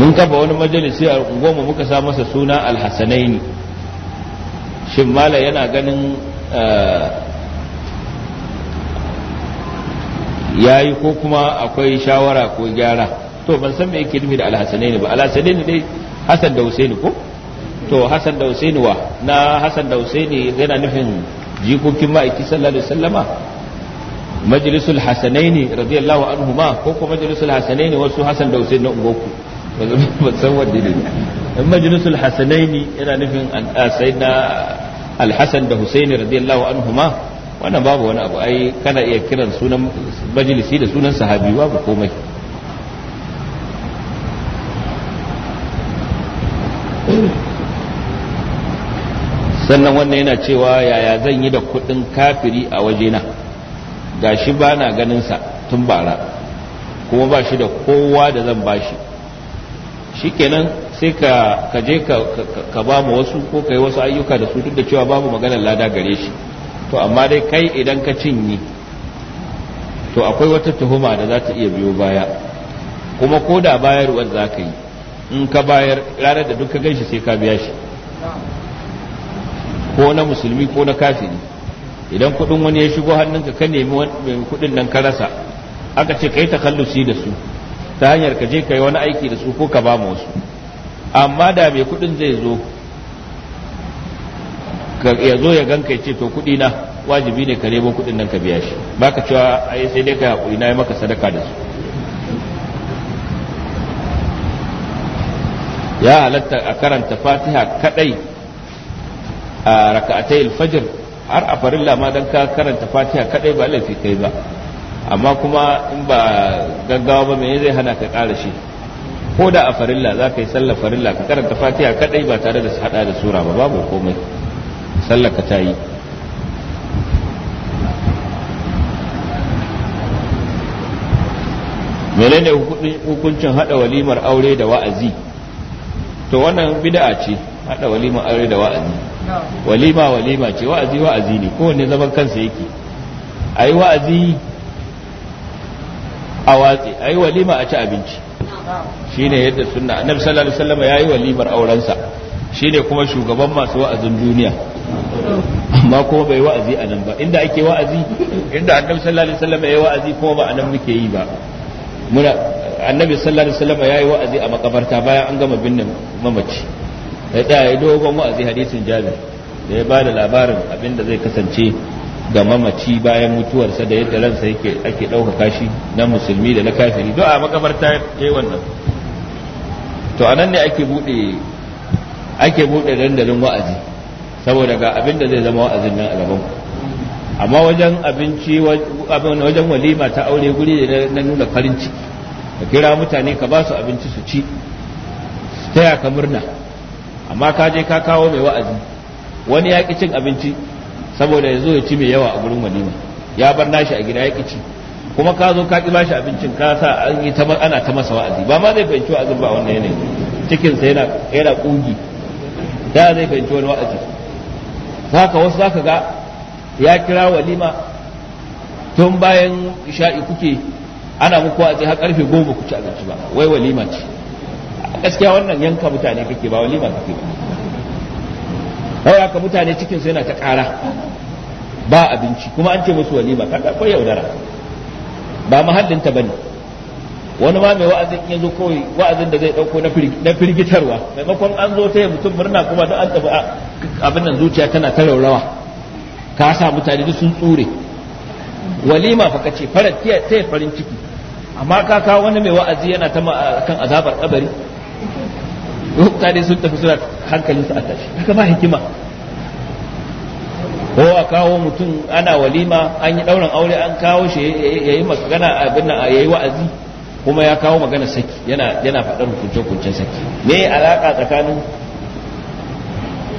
mun kafa wani majalisi a goma muka sa masa suna alhassanaini shin mala yana ganin Eh, ya yi ko kuma akwai shawara ko gyara to ban san me yake nufi da alhassanai ne ba alhassanai ne dai hasan da husaini ko to hasan da husaini wa na hasan da husaini yana nufin jikokin ma'aiki sallallahu alaihi wasallama majalisul hasanaini radiyallahu ma ko kuma majalisul hasanaini wasu hasan da husaini na ungoku ban san wanda ne majalisul hasanaini yana nufin ah, na alhassan da husaini radiyallahu anhuma wannan babu wani abu ai kana iya kiran sunan majalisi da sunan sahabi babu komai sannan wannan yana cewa yaya zan yi da kuɗin kafiri a waje wajena gashi ba na ganinsa tun bara kuma ba shi da kowa da zan bashi shikenan sai ka je ka ba mu wasu ko kai wasu ayyuka da su duk da cewa babu maganar lada gare shi to amma dai kai idan ka cinye to akwai wata tuhuma da za ta iya biyo baya kuma ko da bayarwar za ka yi in ka bayar ranar da duk ka ganshi sai ka biya shi ko na musulmi ko na kafiri idan kudin wani ya shigo hannunka ka nemi kudin nan ka rasa aka ce kai takallusi da su ta hanyar ka je ka yi wani aiki da su ko ka ba mu wasu amma da mai kudin zai zo ya zo ya ganka ya ce to kudi na wajibi ne ka nemo kudin nan ka biya shi baka cewa ai sai dai ka hakuri na yi maka sadaka da su ya halatta a karanta fatiha kadai a raka'atai alfajir har a farin lama don ka karanta fatiha kadai ba laifi kai ba amma kuma in ba gaggawa ba me zai hana ka ƙara shi ko da a farilla za ka yi sallar farilla ka karanta fatiha kadai ba tare da hada da sura ba babu komai sallar ka ta yi menene hukuncin hada walimar aure da wa'azi to wannan bid'a ce hada walimar aure da wa'azi walima walima ce wa'azi wa'azi ne kowanne zaman kansa yake ayi wa'azi a watsi ayi walima a ci abinci shine yadda sunna annabi sallallahu alaihi wasallam yayi walimar auren sa shine kuma shugaban masu wa'azin duniya amma kuma bai wa'azi a nan ba inda ake wa'azi inda annabi sallallahu alaihi wasallam yayi wa'azi kuma ba a nan muke yi ba muna annabi sallallahu alaihi wasallam yayi wa'azi a makabarta bayan an gama binne mamaci ya tsaya ya dogon wa'azi hadisin jabir da ya bada labarin abinda zai kasance ga mamaci bayan mutuwarsa da yadda ransa yake ake ɗaukaka shi na musulmi da na kafiri do a makabarta yayi wannan to anan ne ake buɗe ake buɗe dandalin wa'azi saboda ga abin da zai zama wa'azin nan a gaban amma wajen abinci wajen walima ta aure guri da na nuna farin ciki ka kira mutane ka ba su abinci su ci su taya ka murna amma ka je ka kawo mai wa'azi wani ya ki cin abinci saboda ya zo ya ci mai yawa a gurin walima ya bar nashi a gida ya ki ci kuma ka zo ka ki bashi abincin ka sa an yi ta ana ta masa wa'azi ba ma zai fahimci wa'azin ba wannan yanayi cikin sa yana yana kugi da zai fahimci wani wa'azi haka wasu zaka ga ya kira walima tun bayan isha'i kuke ana muku wa'azi har karfe goma ku ci abinci ba wai walima ce gaskiya wannan yanka mutane kake ba walima kake ba kawai haka mutane cikin yana ta ƙara ba abinci kuma an ce musu walima kaga ko yaudara ba mahallin ta bane wani ma mai wa'azin ya zo kawai wa'azin da zai dauko na firgitarwa maimakon an zo ta mutum murna kuma da an tafi abin nan zuciya tana ta raurawa ka sa mutane duk sun tsure walima fa kace farar ta farin ciki amma ka kawo wani mai wa'azi yana ta kan azabar kabari mutane sun tafi suna su a tashi haka ba hikima ko a kawo mutum ana walima an yi ɗaurin aure an kawo shi ya yi magana abin nan ya yi wa'azi kuma ya kawo magana saki yana yana faɗar hukuncin hukuncin saki me alaƙa tsakanin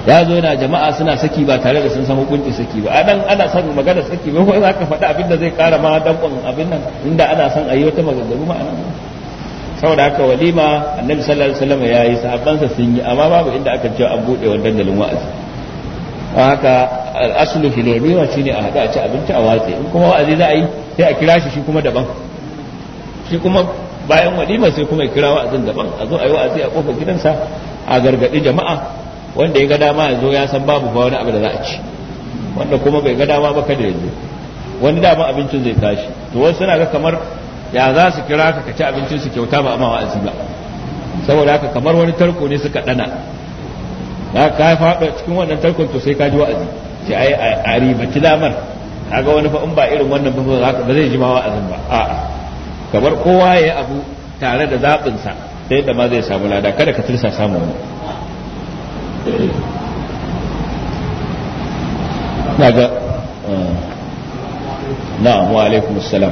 ya zo yana jama'a suna saki ba tare da sun san hukuncin saki ba a nan ana son magana saki ba ko za ka faɗi abin da zai ƙara ma danƙon abin nan inda ana son a yi wata maganganu ma'ana saboda haka walima annabi sallallahu alaihi wasallam yayi sahabbansa sun yi amma babu inda aka ce an bude wannan dalilin wa'azi don haka al'asulu fil walima shine a hada a ci abinci a watsi in kuma wa'azi za a yi sai a kira shi shi kuma daban shi kuma bayan walima sai kuma ya kira wa'azin daban a zo a yi wa'azi a kofar gidansa a gargadi jama'a wanda ya ga dama ya zo ya san babu ba wani abu da za a ci wanda kuma bai ga dama ba kada ya zo wani dama abincin zai tashi to wasu suna ga kamar ya za su kira ka ka ci abincin su kyauta ba amma wa'azi ba saboda haka kamar wani tarko ne suka dana da ka faɗa cikin wannan tarkon to sai ka ji wa'azi sai ai a ribaci damar kaga wani fa in ba irin wannan ba ba zai ji ma wa'azin ba a'a kamar kowa ya abu tare da zaɓinsa sa sai da ma zai samu lada kada ka tursa samu wani na ga eh, na wa salam.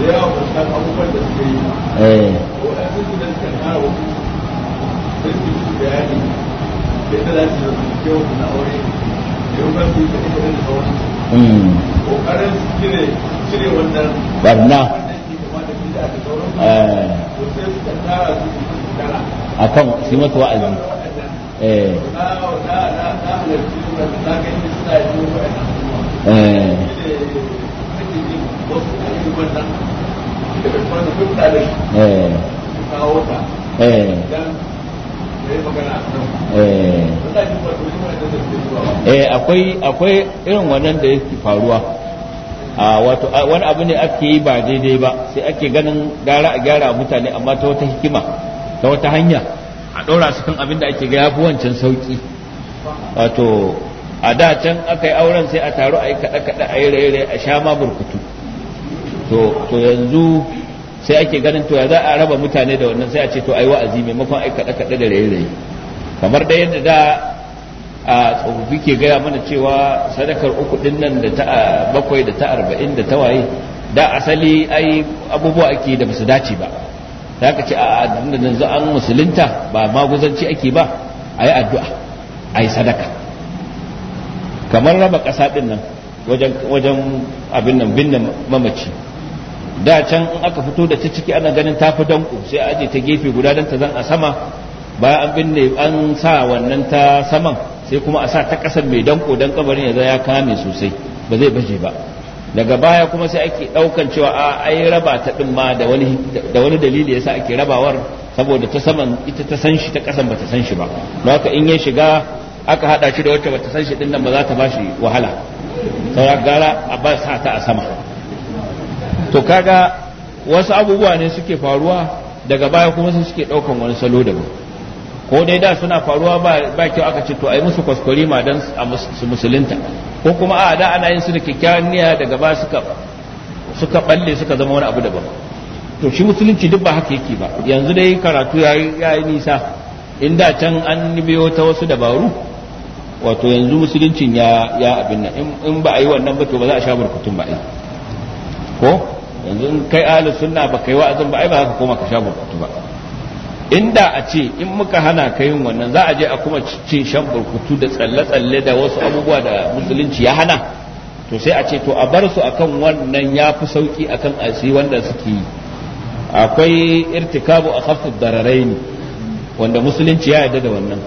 da yawa kusan barna eh. a kan su mata wa'azi eh, eh. Eh. Eh, akwai akwai irin wannan da yake faruwa a wato wani abu ne ake yi ba daidai ba sai ake ganin gara a gyara mutane amma ta wata hikima ta wata hanya a ɗora su kan abin da ake ga yafi wancan sauki wato a da can aka yi auren sai a taru a yi kaɗe-kaɗe a yi a sha ma burkutu to yanzu sai ake ganin to ya za a raba mutane da wannan sai a ce to ai wa'azi maimakon ai kaɗe kaɗe da raye raye kamar da yadda da a tsofaffi ke gaya mana cewa sadakar uku din nan da ta bakwai da ta arba'in da ta waye da asali ai abubuwa ake da basu dace ba da aka ce a addinin da yanzu an musulunta ba maguzanci ake ba a yi addu'a a yi sadaka kamar raba ƙasa ɗin nan wajen abin nan binne mamaci da can in aka fito da ta ciki ana ganin ta fi danko sai aje ta gefe guda don ta zan a sama baya an binne an sa wannan ta saman sai kuma a sa ta kasar mai danko don kabarin ya ya kame sosai ba zai baje ba daga baya kuma sai ake ɗaukan cewa a ai raba ta ɗin ma da wani da wani dalili yasa ake rabawar saboda ta saman ita ta san shi ta ƙasan ba ta san shi ba don haka in ya shiga aka haɗa shi da wacce ba ta san shi din nan ba za ta ba shi wahala saboda gara a ba sa ta a sama to kaga wasu abubuwa ne suke faruwa daga baya kuma su suke ɗaukan wani salo daban ko dai da suna faruwa ba kyau aka ce to ai musu kwaskwari ma don su musulunta ko kuma a da ana yin su da kyakkyawan niyya daga ba suka suka balle suka zama wani abu daban to shi musulunci duk ba haka yake ba yanzu dai karatu ya yi nisa in da can an biyo ta wasu dabaru wato yanzu musuluncin ya abin nan in ba a yi wannan ba to ba za a sha barkutun ba ko yanzu kai ahlus sunna ba kai wa'azin ba ai ba haka koma ka sha burkutu ba inda a ce in muka hana ka yin wannan za a je a kuma cin shan burkutu da tsalle-tsalle da wasu abubuwa da musulunci ya hana to sai a ce to a bar su akan wannan ya fi sauki akan asi wanda suke yi akwai irtikabu a kafin dararai ne wanda musulunci ya yarda da wannan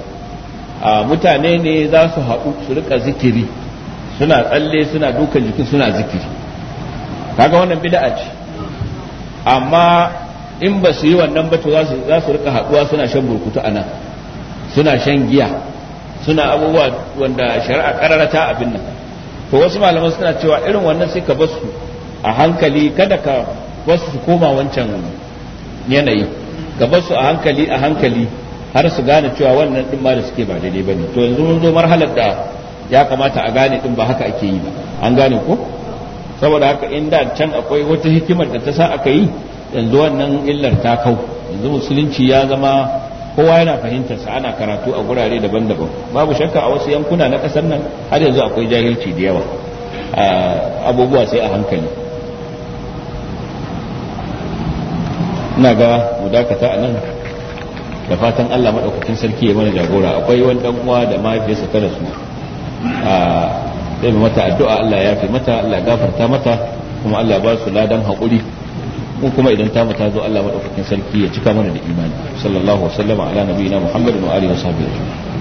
a mutane ne za su haɗu su rika zikiri suna tsalle suna dukan jikin suna zikiri kaga wannan bid'a ce amma in ba su yi wannan ba to za su rika haduwa suna shan burkutu a nan suna shan giya suna abubuwa wanda shari'a kararata abin nan to wasu malaman suna cewa irin wannan sai ka basu a hankali kada ka basu su koma wancan yanayi ka basu a hankali a hankali har su gane cewa wannan din ma da suke ba daidai bane to yanzu mun zo marhalar da ya kamata a gane din ba haka ake yi ba an gane ko saboda haka in da can akwai wata hikimar da ta sa aka yi yanzu wannan illar ta kau yanzu musulunci ya zama kowa yana fahimtar sa ana karatu a gurare daban-daban babu shakka a wasu yankuna na kasar nan har yanzu akwai jahilci da yawa abubuwa sai a hankali ina ga mu dakata a nan da fatan Allah madaukakin sarki ya mana jagora akwai wani dan uwa da mahaifiyarsa ta rasu zai mata addu'a Allah ya yafe mata Allah ya gafarta mata kuma Allah ba su ladan haƙuri ko kuma idan ta mata zo Allah madaukakin sarki ya cika mana da imani sallallahu alaihi wa sallama ala nabiyina muhammadin wa alihi wa sahbihi